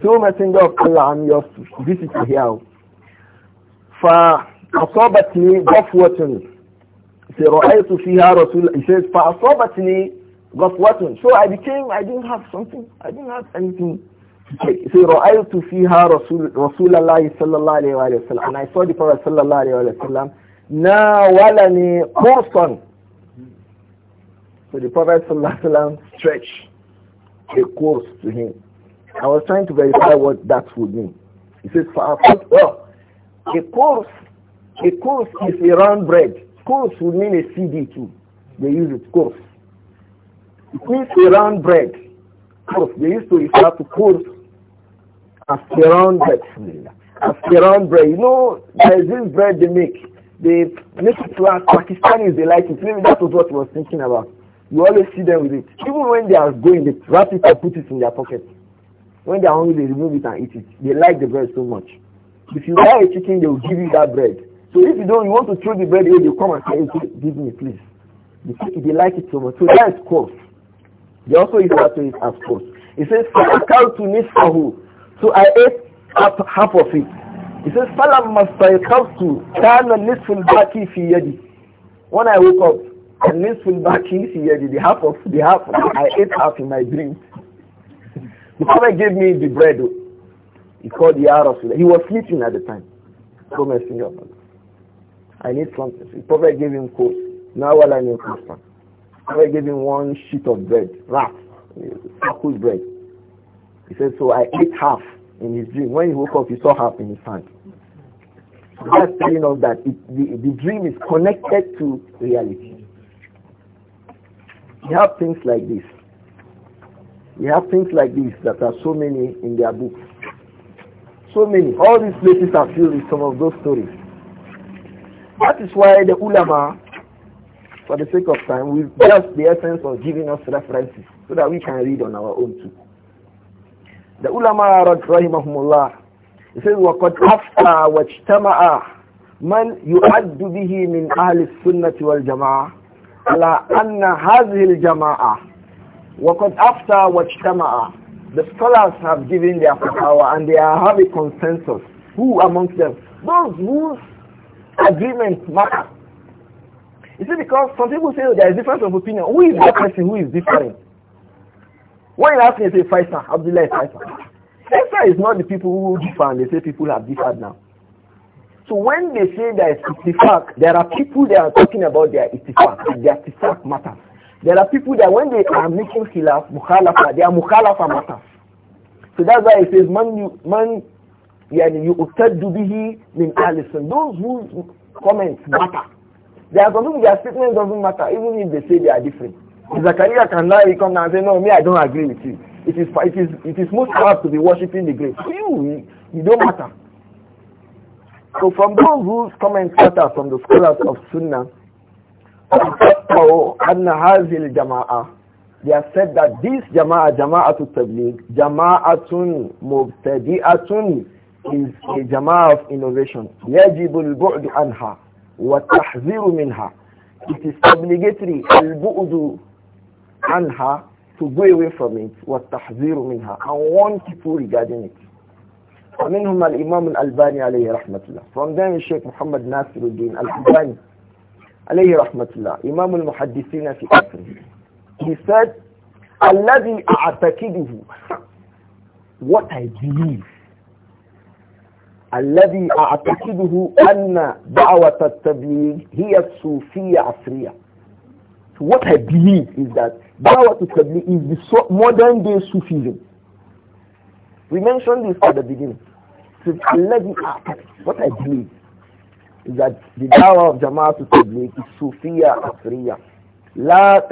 two messenger of Allah and your visitor here. فأصابتني غفوة رأيت فيها رسول he says فأصابتني غفوة so I became I didn't have something I didn't have anything he says رأيت and I saw the Prophet صلى الله so the Prophet stretched a course to him I was trying to verify what that would mean. He says, for well, a course, a course is a round bread. Course would mean a CD too. They use it, course. It means a round bread. Course. They used to refer to course as a round bread. As a round bread. You know, there is this bread they make. They make it us. Pakistanis, they like it. Maybe that was what I was thinking about. You always see them with it. Even when they are going, they wrap it and put it in their pocket. When they are hungry, they remove it and eat it. They like the bread so much. If you buy a chicken, they will give you that bread. So if you don't, you want to throw the bread away, they come and say, give me, please. They, it, they like it so much. So that is cost. They also that to eat as cost. He says, فَأَكَلْتُ نِصْفَهُ So I ate up half of it. He says, فَلَمَّا اسْتَيْقَظْتُ كَانَ نِصْفُ الْبَاقِي for yadi. When I woke up, and this will back yadi. the half of the half I ate half in my dream the Prophet gave me the bread. He called the hour He was sleeping at the time. So messenger of Allah. I need something. the Prophet gave him coat. Now while I need custom. The Prophet gave him one sheet of bread, wrap, circle bread. He said, so I ate half in his dream. When he woke up, he saw half in his hand. So that's telling us that it, the, the dream is connected to reality. You have things like this. We have things like this that are so many in their books. So many. All these places are filled with some of those stories. That is why the ulama, for the sake of time, will just the essence of giving us references so that we can read on our own too. The ulama rahimahumullah, he says, وَقَدْ أَفْتَى وَاجْتَمَعَ مَنْ يُعَدُّ بِهِ مِنْ أَهْلِ السُّنَّةِ وَالْجَمَاعَةِ عَلَى أَنَّ هَذِهِ الْجَمَاعَةِ وَقَدْ أَفْتَى وَاجْتَمَعَ The scholars have given their fatwa and they have a consensus. Who amongst them? Those whose agreement matter. You see, because some people say oh, there is difference of opinion. Who is that person who is different? When you ask me, say Faisal, Abdullah Faisal. Faisal is not the people who differ and they say people have differed now. So when they say there is ittifaq, there are people they are talking about their ittifaq. Their ittifaq matters. There are people that when they are making khilaf, mukhalafa, they are mukhalafa matters. So that's why it says, man, you, man yani yu'taddu bihi min alison Those whose comments matter. There are some their statement doesn't matter, even if they say they are different. Zakaria can now come and say, no, me, I don't agree with you. It is, it is, it is most hard to be worshipping the grave. You, you don't matter. So from those whose comments matter from the scholars of Sunnah, أن هذه الجماعة they have said that this jama'a, jama'a to tabliq, jama'a tabligh, mubtadi'a mubtadi'atun is a jama'a of innovation. يجب البعد عنها والتحذير منها. It is obligatory البعد عنها to go away from it والتحذير منها I want people regarding it. فمنهم الإمام الألباني عليه رحمة الله. From them Sheikh Muhammad Nasiruddin al-Din al-Albani. alayhi rahmatullah, Imam al-Muhaddithin fi Asr. He said, الَّذِي أَعْتَكِدُهُ What I believe. الَّذِي أَعْتَكِدُهُ أَنَّ دَعْوَةَ التَّبْلِيغِ هِيَ الصُّوفِيَّ عَصْرِيَّةٌ so What I believe is that Dawah al-Tabligh is the modern day Sufism. We mentioned this at the beginning. So, what I believe is that the dawah of Jamaatul tabligh is Sufiya Afriya. لا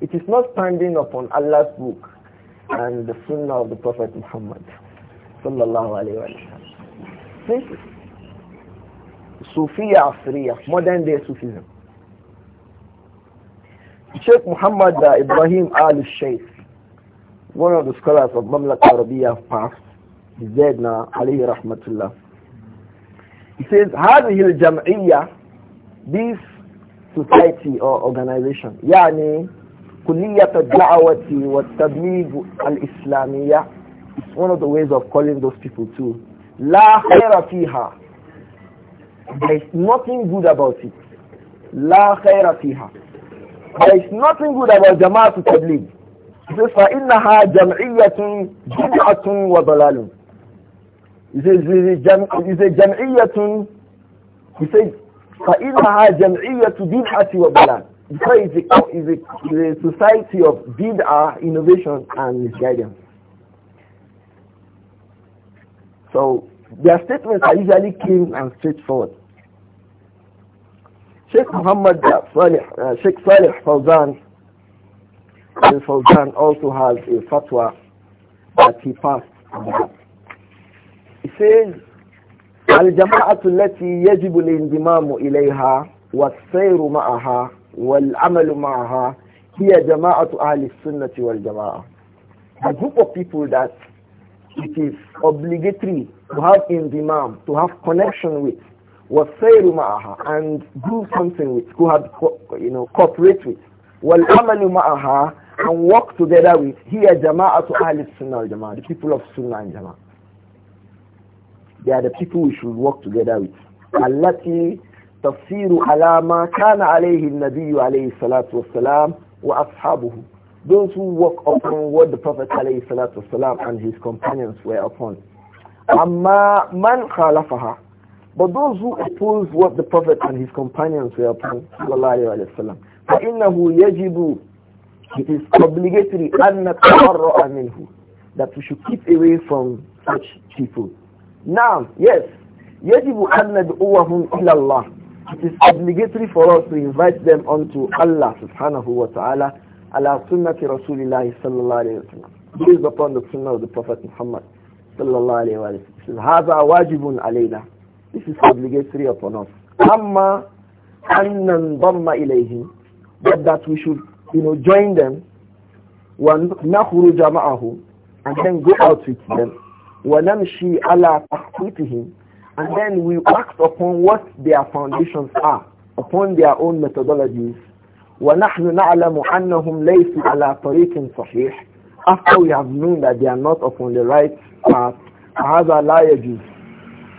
It is not standing upon Allah's book and the sunnah of the Prophet Muhammad Sallallahu الله عليه وسلم. Sufiya Asriya, modern day Sufism. Sheikh Muhammad uh, Ibrahim Al shaykh one of the scholars of Mamlaka Arabiya passed Zaid now, alayhi rahmatullah. He says, هذه الجمعية, this society or organization, يعني كلية الدعوة والتبليغ الإسلامية, it's one of the ways of calling those people too. لا خير فيها. There is nothing good about it. لا خير فيها. There is nothing good about جماعة التبليغ. فإنها جمعية بدعة وضلال. He says, he says, jam'iyyatun, he says, فَإِنَّهَا جَمْعِيَّةُ Because it's a, it's, a, it's society of bid'ah, innovation, and misguidance. So their statements are usually clean and straightforward. Sheikh Muhammad uh, Salih, uh, Sheikh Salih Fawzan, Fawzan also has a fatwa that he passed about he says, الجماعة التي يجب الانضمام إليها والسير معها والعمل معها هي جماعة أهل السنة والجماعة. A group of people that it is obligatory to have in the indimam, to have connection with, وَالسَّيْرُ مَعَهَا and do something with, who have, you know, cooperate with. وَالْعَمَلُ مَعَهَا and work together with, here jama'atu ahli sunnah al-jama'ah, the people of sunnah and jama'ah. They are the people we should work together with. التي تفسير على ما كان عليه Alayhi Salatu الصلاة wa Ashabuhu. those who walk upon what the Prophet Alayhi Salatu والسلام and his companions were upon Amma Man خالفها but those who oppose what the Prophet and his companions were upon صلى الله عليه وسلم فإنه يجب it is obligatory أن نتبرأ منه that we should keep away from such people now, yes, يجب أن ندعوهم إلى الله. It is obligatory for us to invite them unto Allah subhanahu wa ta'ala ala sunnati rasulillahi sallallahu alayhi wa sallam. Based upon the sunnah of the Prophet Muhammad sallallahu alayhi wa sallam. This is هذا واجب علينا. This is obligatory upon us. أما أن ننضم ilayhim, but that we should you know join them ونخرج معهم and then go out with them وَنَمْشِي عَلَى تَخْطِيطِهِمْ And then we act upon what their foundations are, upon their own methodologies. وَنَحْنُ نَعْلَمُ أَنَّهُمْ لَيْسُوا عَلى طَرِيقٍ صَحِيحٍ After we have known that they are not upon the right path, هَذَا لَا يَجُوزُ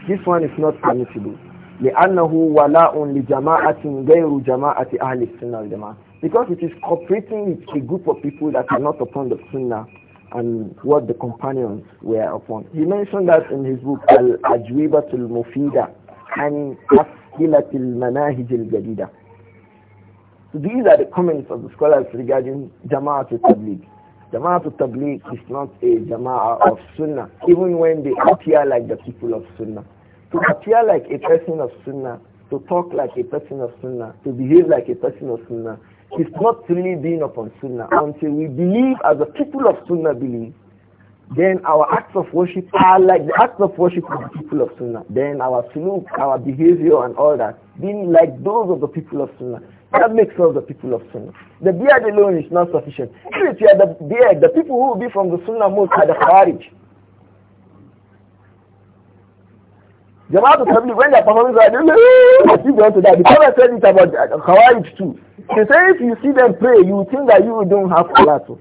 This one is not permissible. لأنه ولاء لجماعة غير جماعة أهل السنة والجماعة because it is cooperating with a group of people that are not upon the sunnah and what the companions were upon. He mentioned that in his book al Ajwibatul mufida and As'ilat al-Manahij So these are the comments of the scholars regarding Jama'at al-Tabligh. Jama'at al is not a Jamaat of Sunnah, even when they appear like the people of Sunnah. To appear like a person of Sunnah, to talk like a person of Sunnah, to behave like a person of Sunnah, it's not really being upon Sunnah. Until we believe as the people of Sunnah believe, then our acts of worship are like the acts of worship of the people of Sunnah. Then our suluk, our behavior and all that, being like those of the people of Sunnah. That makes us the people of Sunnah. The beard alone is not sufficient. If you are the beard, the people who will be from the Sunnah most are the Kharij. to tell tabligh when they are performing Salah, they say, I think they want to die. The Prophet said it about uh, Khawarij too. He said, if you see them pray, you think that you don't have Salah too.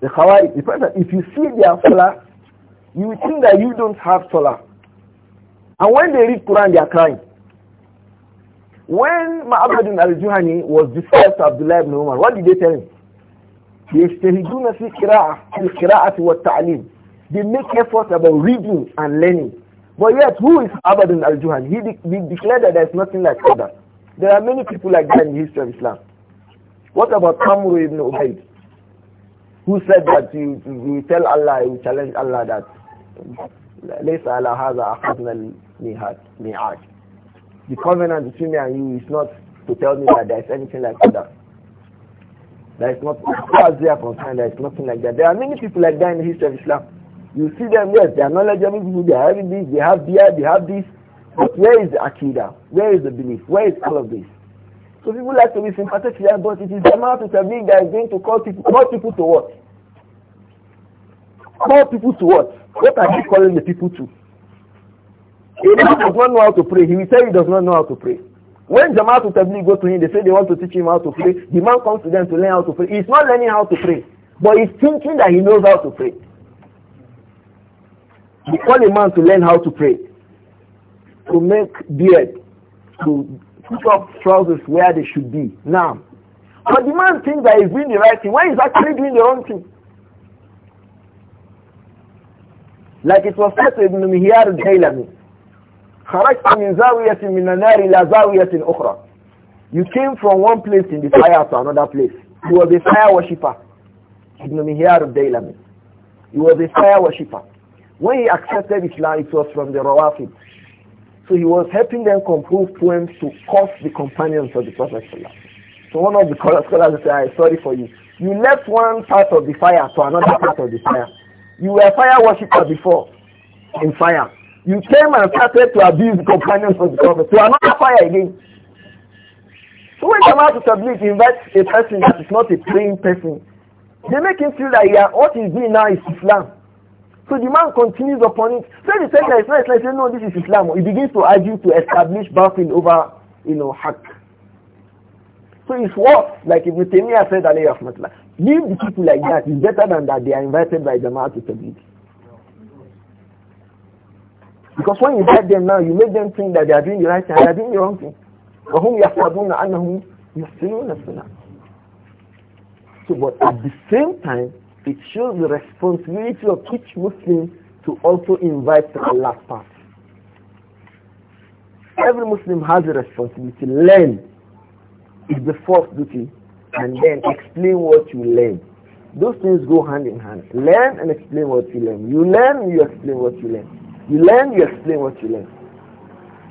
The Khawarij, the Prophet, if you see their Salah, you think that you don't have Salah. And when they read Quran, they are crying. When Ma'abadun al-Juhani was discussed of the ibn woman, what did they tell him? يجتهدون في قراءة في القراءة والتعليم they make efforts about reading and learning. But yet, who is Abadan al juhan He, de he declared that there is nothing like that. There are many people like that in the history of Islam. What about Amr ibn Ubaid? Who said that you, you tell Allah, you challenge Allah that لَيْسَ عَلَى هَذَا أَخَذْنَا الْمِعَاجِ The covenant between me and you is not to tell me that there is anything like that. There is not, as far as they are concerned, there is nothing like that. There are many people like that in the history of Islam. You see them, yes, they are knowledgeable people, they are having this, they have beer, they have this. But where is the akida? Where is the belief? Where is all of this? So people like to be sympathetic to but it is the amount of that is going to call people, call people to what? Call people to what? What are you calling the people to? If he does not know how to pray, he will tell you he does not know how to pray. When Jamaat to go to him, they say they want to teach him how to pray. The man comes to them to learn how to pray. He's not learning how to pray, but he's thinking that he knows how to pray. You call a man to learn how to pray, to make beard, to put up trousers where they should be. Now, but the man thinks that he's doing the right thing Why is actually doing the wrong thing. Like it was said to Ibn Mihyar al-Jailami, خرجت من زاوية من النار إلى زاوية أخرى. You came from one place in the fire to another place. You was a fire worshipper. Ibn Mihyar al-Jailami. He was a fire worshipper. When he accepted Islam, it was from the Rawafid. So he was helping them compose poems to curse the companions of the Prophet. So one of the scholars said, I'm sorry for you. You left one part of the fire to another part of the fire. You were a fire worshipper before in fire. You came and started to abuse the companions of the Prophet to another fire again. So when out to submit invites a person that is not a praying person, they make him feel that yeah, what he's doing now is Islam. So the man continues upon it. So he said that it's not Islam. He said, no, this is Islam. He begins to argue to establish batil over, you know, haq. So it's worse, like Ibn Taymiyyah said earlier, leave the people like that. It's better than that they are invited by the Jamaat to Tabligh. Because when you get them now, you make them think that they are doing the right thing, they are doing the wrong thing. وهم يحسبون أنهم يحسنون صنعا. So, but at the same time, it shows the responsibility of each Muslim to also invite the last part. Every Muslim has a responsibility. Learn is the first duty and then explain what you learn. Those things go hand in hand. Learn and explain what you learn. You learn, you explain what you learn. You learn, you explain what you learn.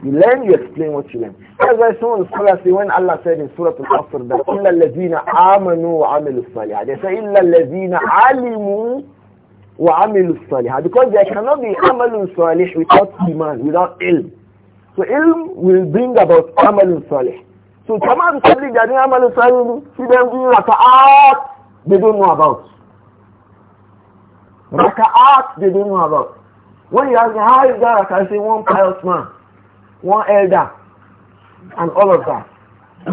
You learn, you explain what you learn. That's why some of the scholars say when Allah said in Surah Al-Asr that إِلَّا الَّذِينَ آمَنُوا وَعَمِلُوا الصَّالِحَةِ They say إِلَّا الَّذِينَ عَلِمُوا وَعَمِلُوا الصَّالِحَةِ Because there cannot be amalun salih without iman, without ilm. So ilm will bring about amalun salih. So tamam salih, that are doing amalun salih, see them doing raka'at, they don't know about. Raka'at, they don't know about. When you ask me, how is that? I say, one pious man one elder, and all of that.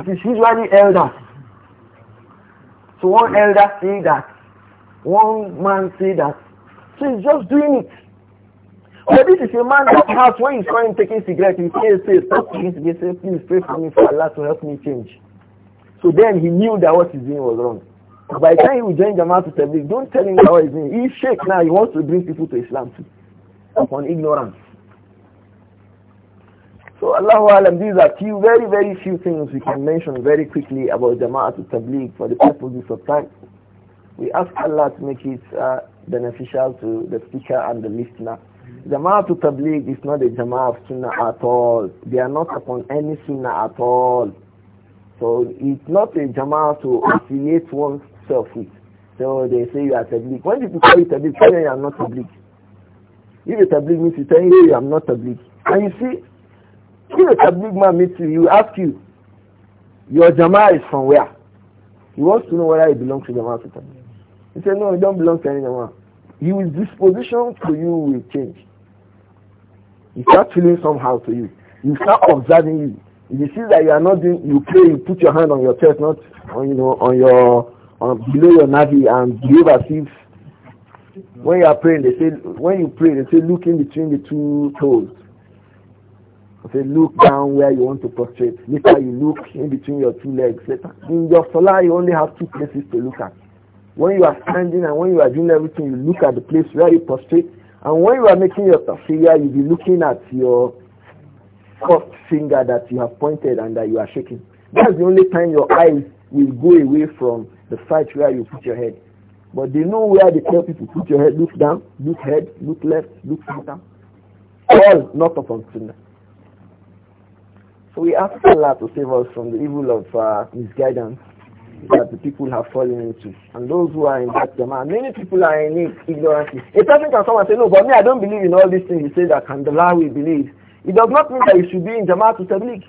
It is usually elders. So one elder say that, one man say that. So he's just doing it. Or oh, this is a man that has, when he's going taking cigarette, he says, say, stop taking cigarette, please pray for me for Allah to help me change. So then he knew that what he's doing was wrong. By the time he will join man to Tabligh, don't tell him how what he's doing. He's shake now, he wants to bring people to Islam too. Upon ignorance. So Allahu Alam, these are few, very, very few things we can mention very quickly about Jama'at al-Tabligh for the purposes of time. We ask Allah to make it uh, beneficial to the speaker and the listener. Jama'at al-Tabligh is not a Jama'at of Sunnah at all. They are not upon any Sunnah at all. So it's not a Jama'at to affiliate oneself with. So they say you are Tabligh. When people call you Tabligh, tell them you are not Tabligh. If you Tabligh means you tell you I'm not Tabligh. And you see, if a big man meets you, he will ask you, your Jama is from where? He wants to know whether he belongs to Jama'ah Sultan. He said, no, he don't belong to any He His disposition to you will change. He start feeling somehow to you. He start observing you. If sees that you are not doing, you pray, you put your hand on your chest, not on, you know, on your, on below your navi and behave as if when you are praying, they say, when you pray, they say, look in between the two toes say look down where you want to prostrate. Later you look in between your two legs. Later in your salah you only have two places to look at. When you are standing and when you are doing everything, you look at the place where you prostrate. And when you are making your tafsirah, you'll be looking at your first finger that you have pointed and that you are shaking. That's the only time your eyes will go away from the site where you put your head. But they know where they tell people put your head, look down, look head, look left, look center. All not upon sunnah. So we ask Allah to save us from the evil of uh, misguidance that the people have fallen into. And those who are in that demand, many people are in it, ignorance. A person can come and say, no, but me, I don't believe in all these things. You say that, and the we believe. It does not mean that you should be in Jamaat to Tabligh.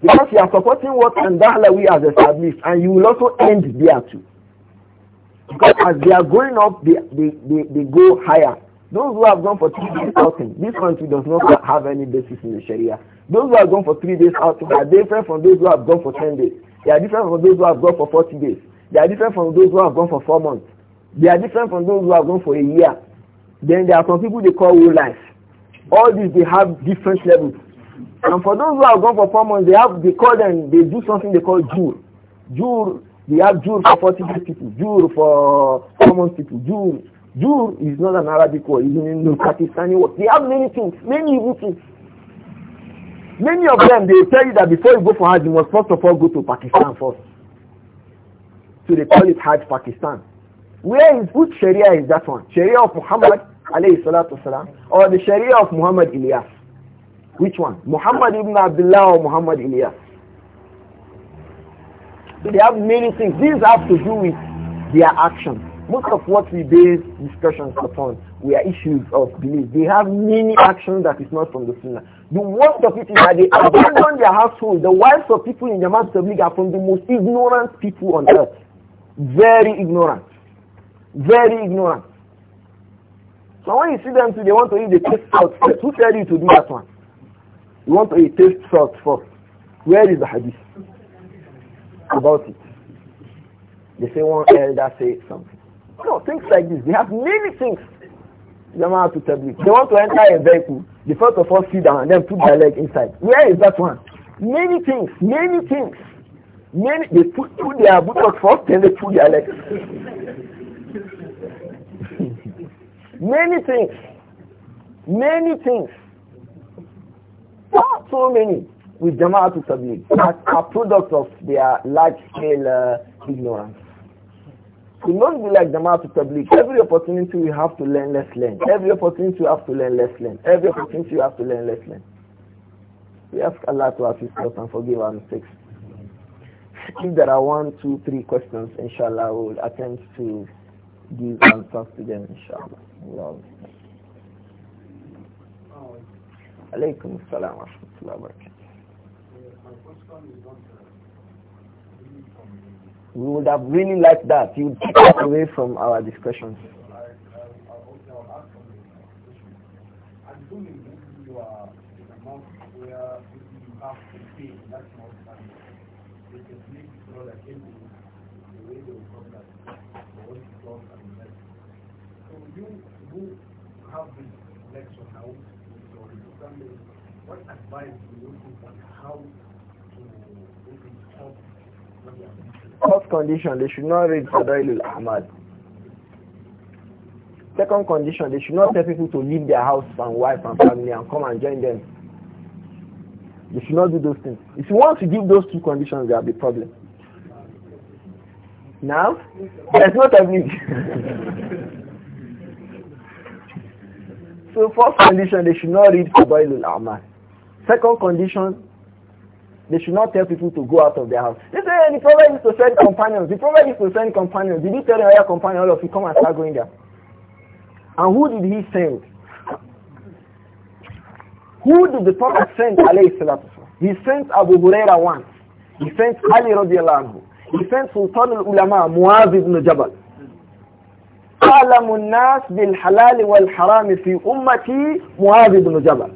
Because you are supporting what Andalawi we has established, and you will also end there too. Because as they are going up, they, they, they, they go higher. Those who have gone for 3,000, this country does not have any basis in the Sharia. Those who have gone for three days out are different from those who have gone for 10 days. They are different from those who have gone for 40 days. They are different from those who have gone for four months. They are different from those who have gone for a year. Then there are some people they call whole life. All these, they have different levels. And for those who have gone for four months, they have, they call them, they do something they call jur. Jur, they have jur for 40 days people, jur for four months people, jur. Jur is not an Arabic word, it's in pakistani word. They have many things, many evil things. Many of them, they tell you that before you go for Hajj, you must first of all go to Pakistan first. So they call it Hajj Pakistan. Where is, which Sharia is that one? Sharia of Muhammad alayhi salatu salam, or the Sharia of Muhammad Ilyas? Which one? Muhammad ibn Abdullah or Muhammad Ilyas? So they have many things. These have to do with their actions. Most of what we base discussions upon were issues of belief. They have many actions that is not from the Sunnah. The worst of it is that they abandon their household. The wives of people in the Tabligh are from the most ignorant people on earth. Very ignorant. Very ignorant. So when you see them today, they want to eat the taste salt first. Who tell you to do that one? You want to eat taste salt first. Where is the hadith about it? They say one elder said something. No, things like this. They have many things. Jama'at to Tabligh. They want to enter a vehicle. They first of all sit down and then put their leg inside. Where is that one? Many things, many things. Many, they put, put their buttocks first, then they put their legs. many things. Many things. Not so many with Jama'at to submit, are products of their large-scale uh, ignorance. We not be like Jamaat to Tabligh. Every opportunity we have to learn, let's learn. Every opportunity we have to learn, let's learn. Every opportunity we have to learn, let's learn. We ask Allah to assist us and forgive our mistakes. If there are one, two, three questions, inshallah, we will attempt to give answers to them, inshallah. Love. salam wa rahmatullahi wa barakatuh. We would have really liked that. You would take that away from our discussions. First condition, they should not read Fadailul Ahmad. Second condition, they should not tell people to leave their house and wife and family and come and join them. They should not do those things. If you want to give those two conditions, there will be problem. Now, there's no tabligh. so first condition, they should not read Fadailul Ahmad. Second condition, they should not tell people to go out of their house. They say, hey, the prophet is to send companions. The prophet is to send companions. Did he tell oh, your companion, all of you, come and start going there? And who did he send? Who did the prophet send, salatu He sent Abu Huraira once. He sent Ali radiallahu anhu. He sent Sultan al-Ulama, Muaz ibn Jabal. أعلم الناس بالحلال والحرام في أمتي معاذ بن جبل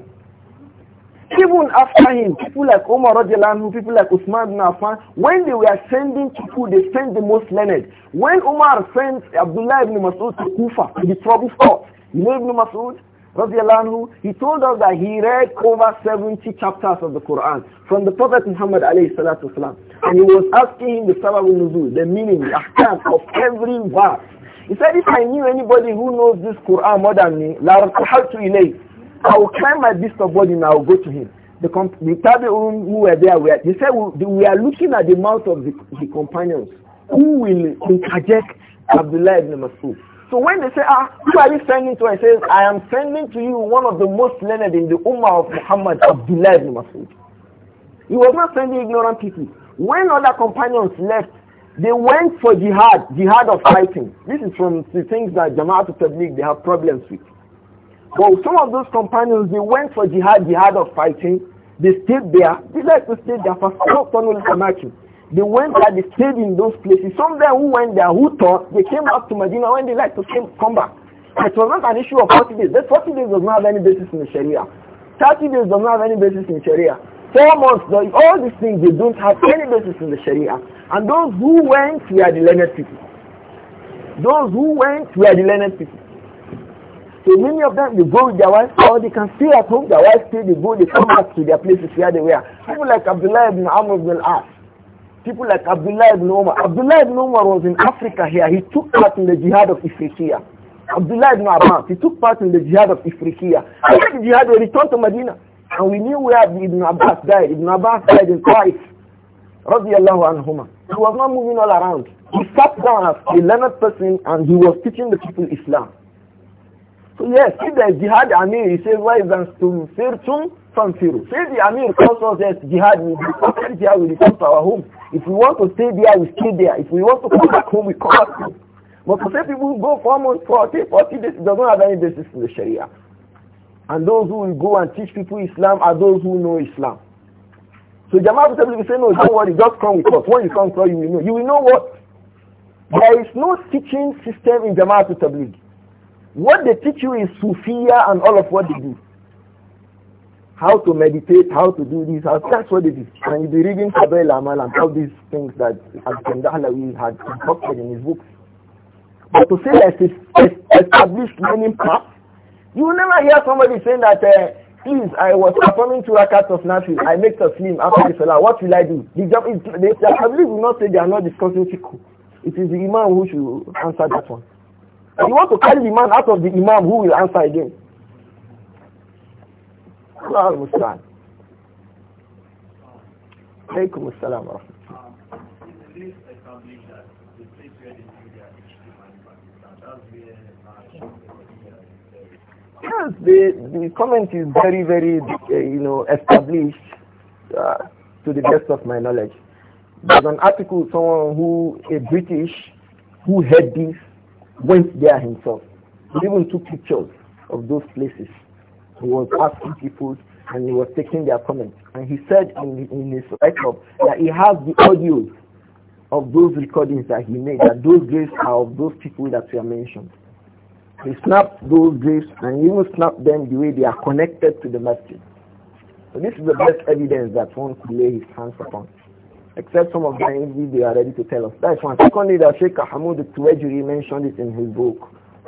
even after him, people like Omar Radiallahu, people like Usman bin Affan, when they were sending people, they sent the most learned. When Omar sent Abdullah ibn Mas'ud to Kufa, the trouble spot, you know Ibn Mas'ud? Radiallahu, he told us that he read over 70 chapters of the Quran from the Prophet Muhammad alayhi salatu wasalam. And he was asking him the Sabab al-Nuzul, the meaning, the ahkam of every verse. He said, if I knew anybody who knows this Quran more than me, la to elate. I will climb my beast of burden and I will go to him. The, the Tabi'un who were there, they said, we are looking at the mouth of the, the companions. Who will interject Abdullah ibn Masud? So when they say, ah, who are you sending to? I say, I am sending to you one of the most learned in the Ummah of Muhammad, Abdullah ibn Masud. He was not sending ignorant people. When other companions left, they went for jihad, jihad of fighting. This is from the things that Jama'at al-Tabliq, they have problems with. But some of those companions, they went for jihad, jihad of fighting. They stayed there. They like to stay there for They went there, they stayed in those places. Some of them who went there, who thought, they came back to Medina when they like to come back. It was not an issue of 40 days. That 40 days does not have any basis in the Sharia. 30 days does not have any basis in Sharia. Four months, all these things, they don't have any basis in the Sharia. And those who went were the learned people. Those who went were the learned people. So many of them, they go with their wives or they can stay at home. Their wives stay, they go, they come back to their places where they were. People like Abdullah ibn Amr ibn al People like Abdullah ibn Omar. Abdullah ibn Omar was in Africa here. He took part in the jihad of Ifriqiya. Abdullah ibn Abbas, he took part in the jihad of Ifriqiya. After the jihad, he returned to Medina. And we knew where Ibn Abbas died. Ibn Abbas died in Taif. Radiallahu anhuma. He was not moving all around. He sat down as a learned person and he was teaching the people Islam. So yes, if there is jihad Amir, he says, why than to firtum from Firu. Say the Amir calls us that jihad will be conquered here, will return to our home. If we want to stay there, we stay there. If we want to come back home, we come back home. But to say people who go four months, 40, 40 days, it doesn't have any basis in the Sharia. And those who will go and teach people Islam are those who know Islam. So Jamal Abdul will say, no, don't worry, just come with us. When you come, you will know. You will know what? There is no teaching system in Jama'at Tabligh. What they teach you is Sufiya and all of what they do. How to meditate, how to do this, how, that's what it is. And you'll be reading Kabel Amal and all these things that Al-Kandahlawi had concocted in his books. But to say that it's established learning path, you will never hear somebody saying that, uh, please, I was performing two rakats of nafi, I make a slim after the salah, what will I do? The, the, the, the will not say they are not discussing fiqh. It is the imam who should answer that one you want to carry the man out of the imam who will answer again. Yes, the, the comment is very, very, uh, you know, established uh, to the best of my knowledge. There's an article, someone who, a British, who heard this went there himself. He even took pictures of those places. He was asking people and he was taking their comments. And he said in, in his write-up that he has the audios of those recordings that he made, that those graves are of those people that were mentioned. He snapped those graves and he even snapped them the way they are connected to the masjid. So this is the best evidence that one could lay his hands upon. Except some of the names they are ready to tell us. That's one. Secondly, that Sheikh Ahmad Tuwajiri mentioned it in his book,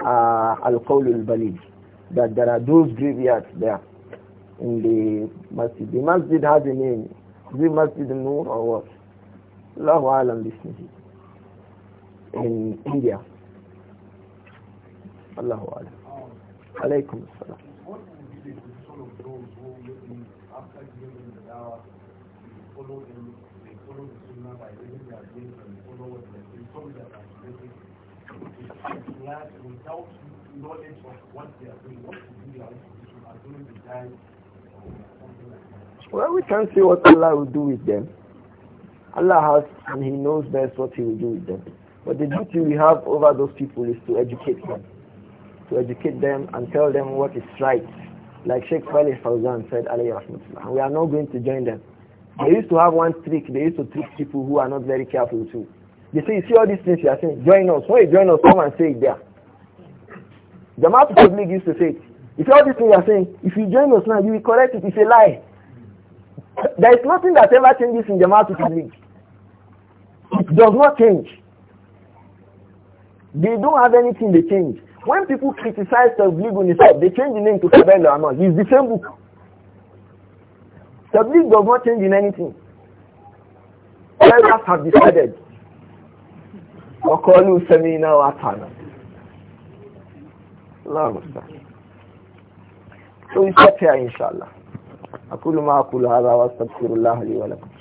uh, Al-Qawl al-Balid, that there are those graveyards there in the masjid. The masjid has a name. Is it Masjid known or what? Allahu Alam Bismillah. In India. Allahu Alam. Alaykum salam class without knowledge of what they are doing, what to do, they are going to die or something like that. Well, we can't see what Allah will do with them. Allah has and He knows best what He will do with them. But the duty we have over those people is to educate them. To educate them and tell them what is right. Like Sheikh Khalid Fawzan said, alayhi rahmatullah. We are not going to join them. They used to have one trick. They used to trick people who are not very careful too. They say, you see all these things you are saying, join us. When you join us, come and say it there. The Master Public used to say, if all these things you are saying, if you join us now, you will correct it. It's a lie. There is nothing that ever changes in the Master Public. It does not change. They don't have anything they change. When people criticize league on itself, they change the name to Kabel It's the same book. The league does not change in anything. Elders have decided وقالوا سمينا وأطعنا الله المستعان سوف يستطيع إن شاء الله أقول ما أقول هذا وأستغفر الله لي ولكم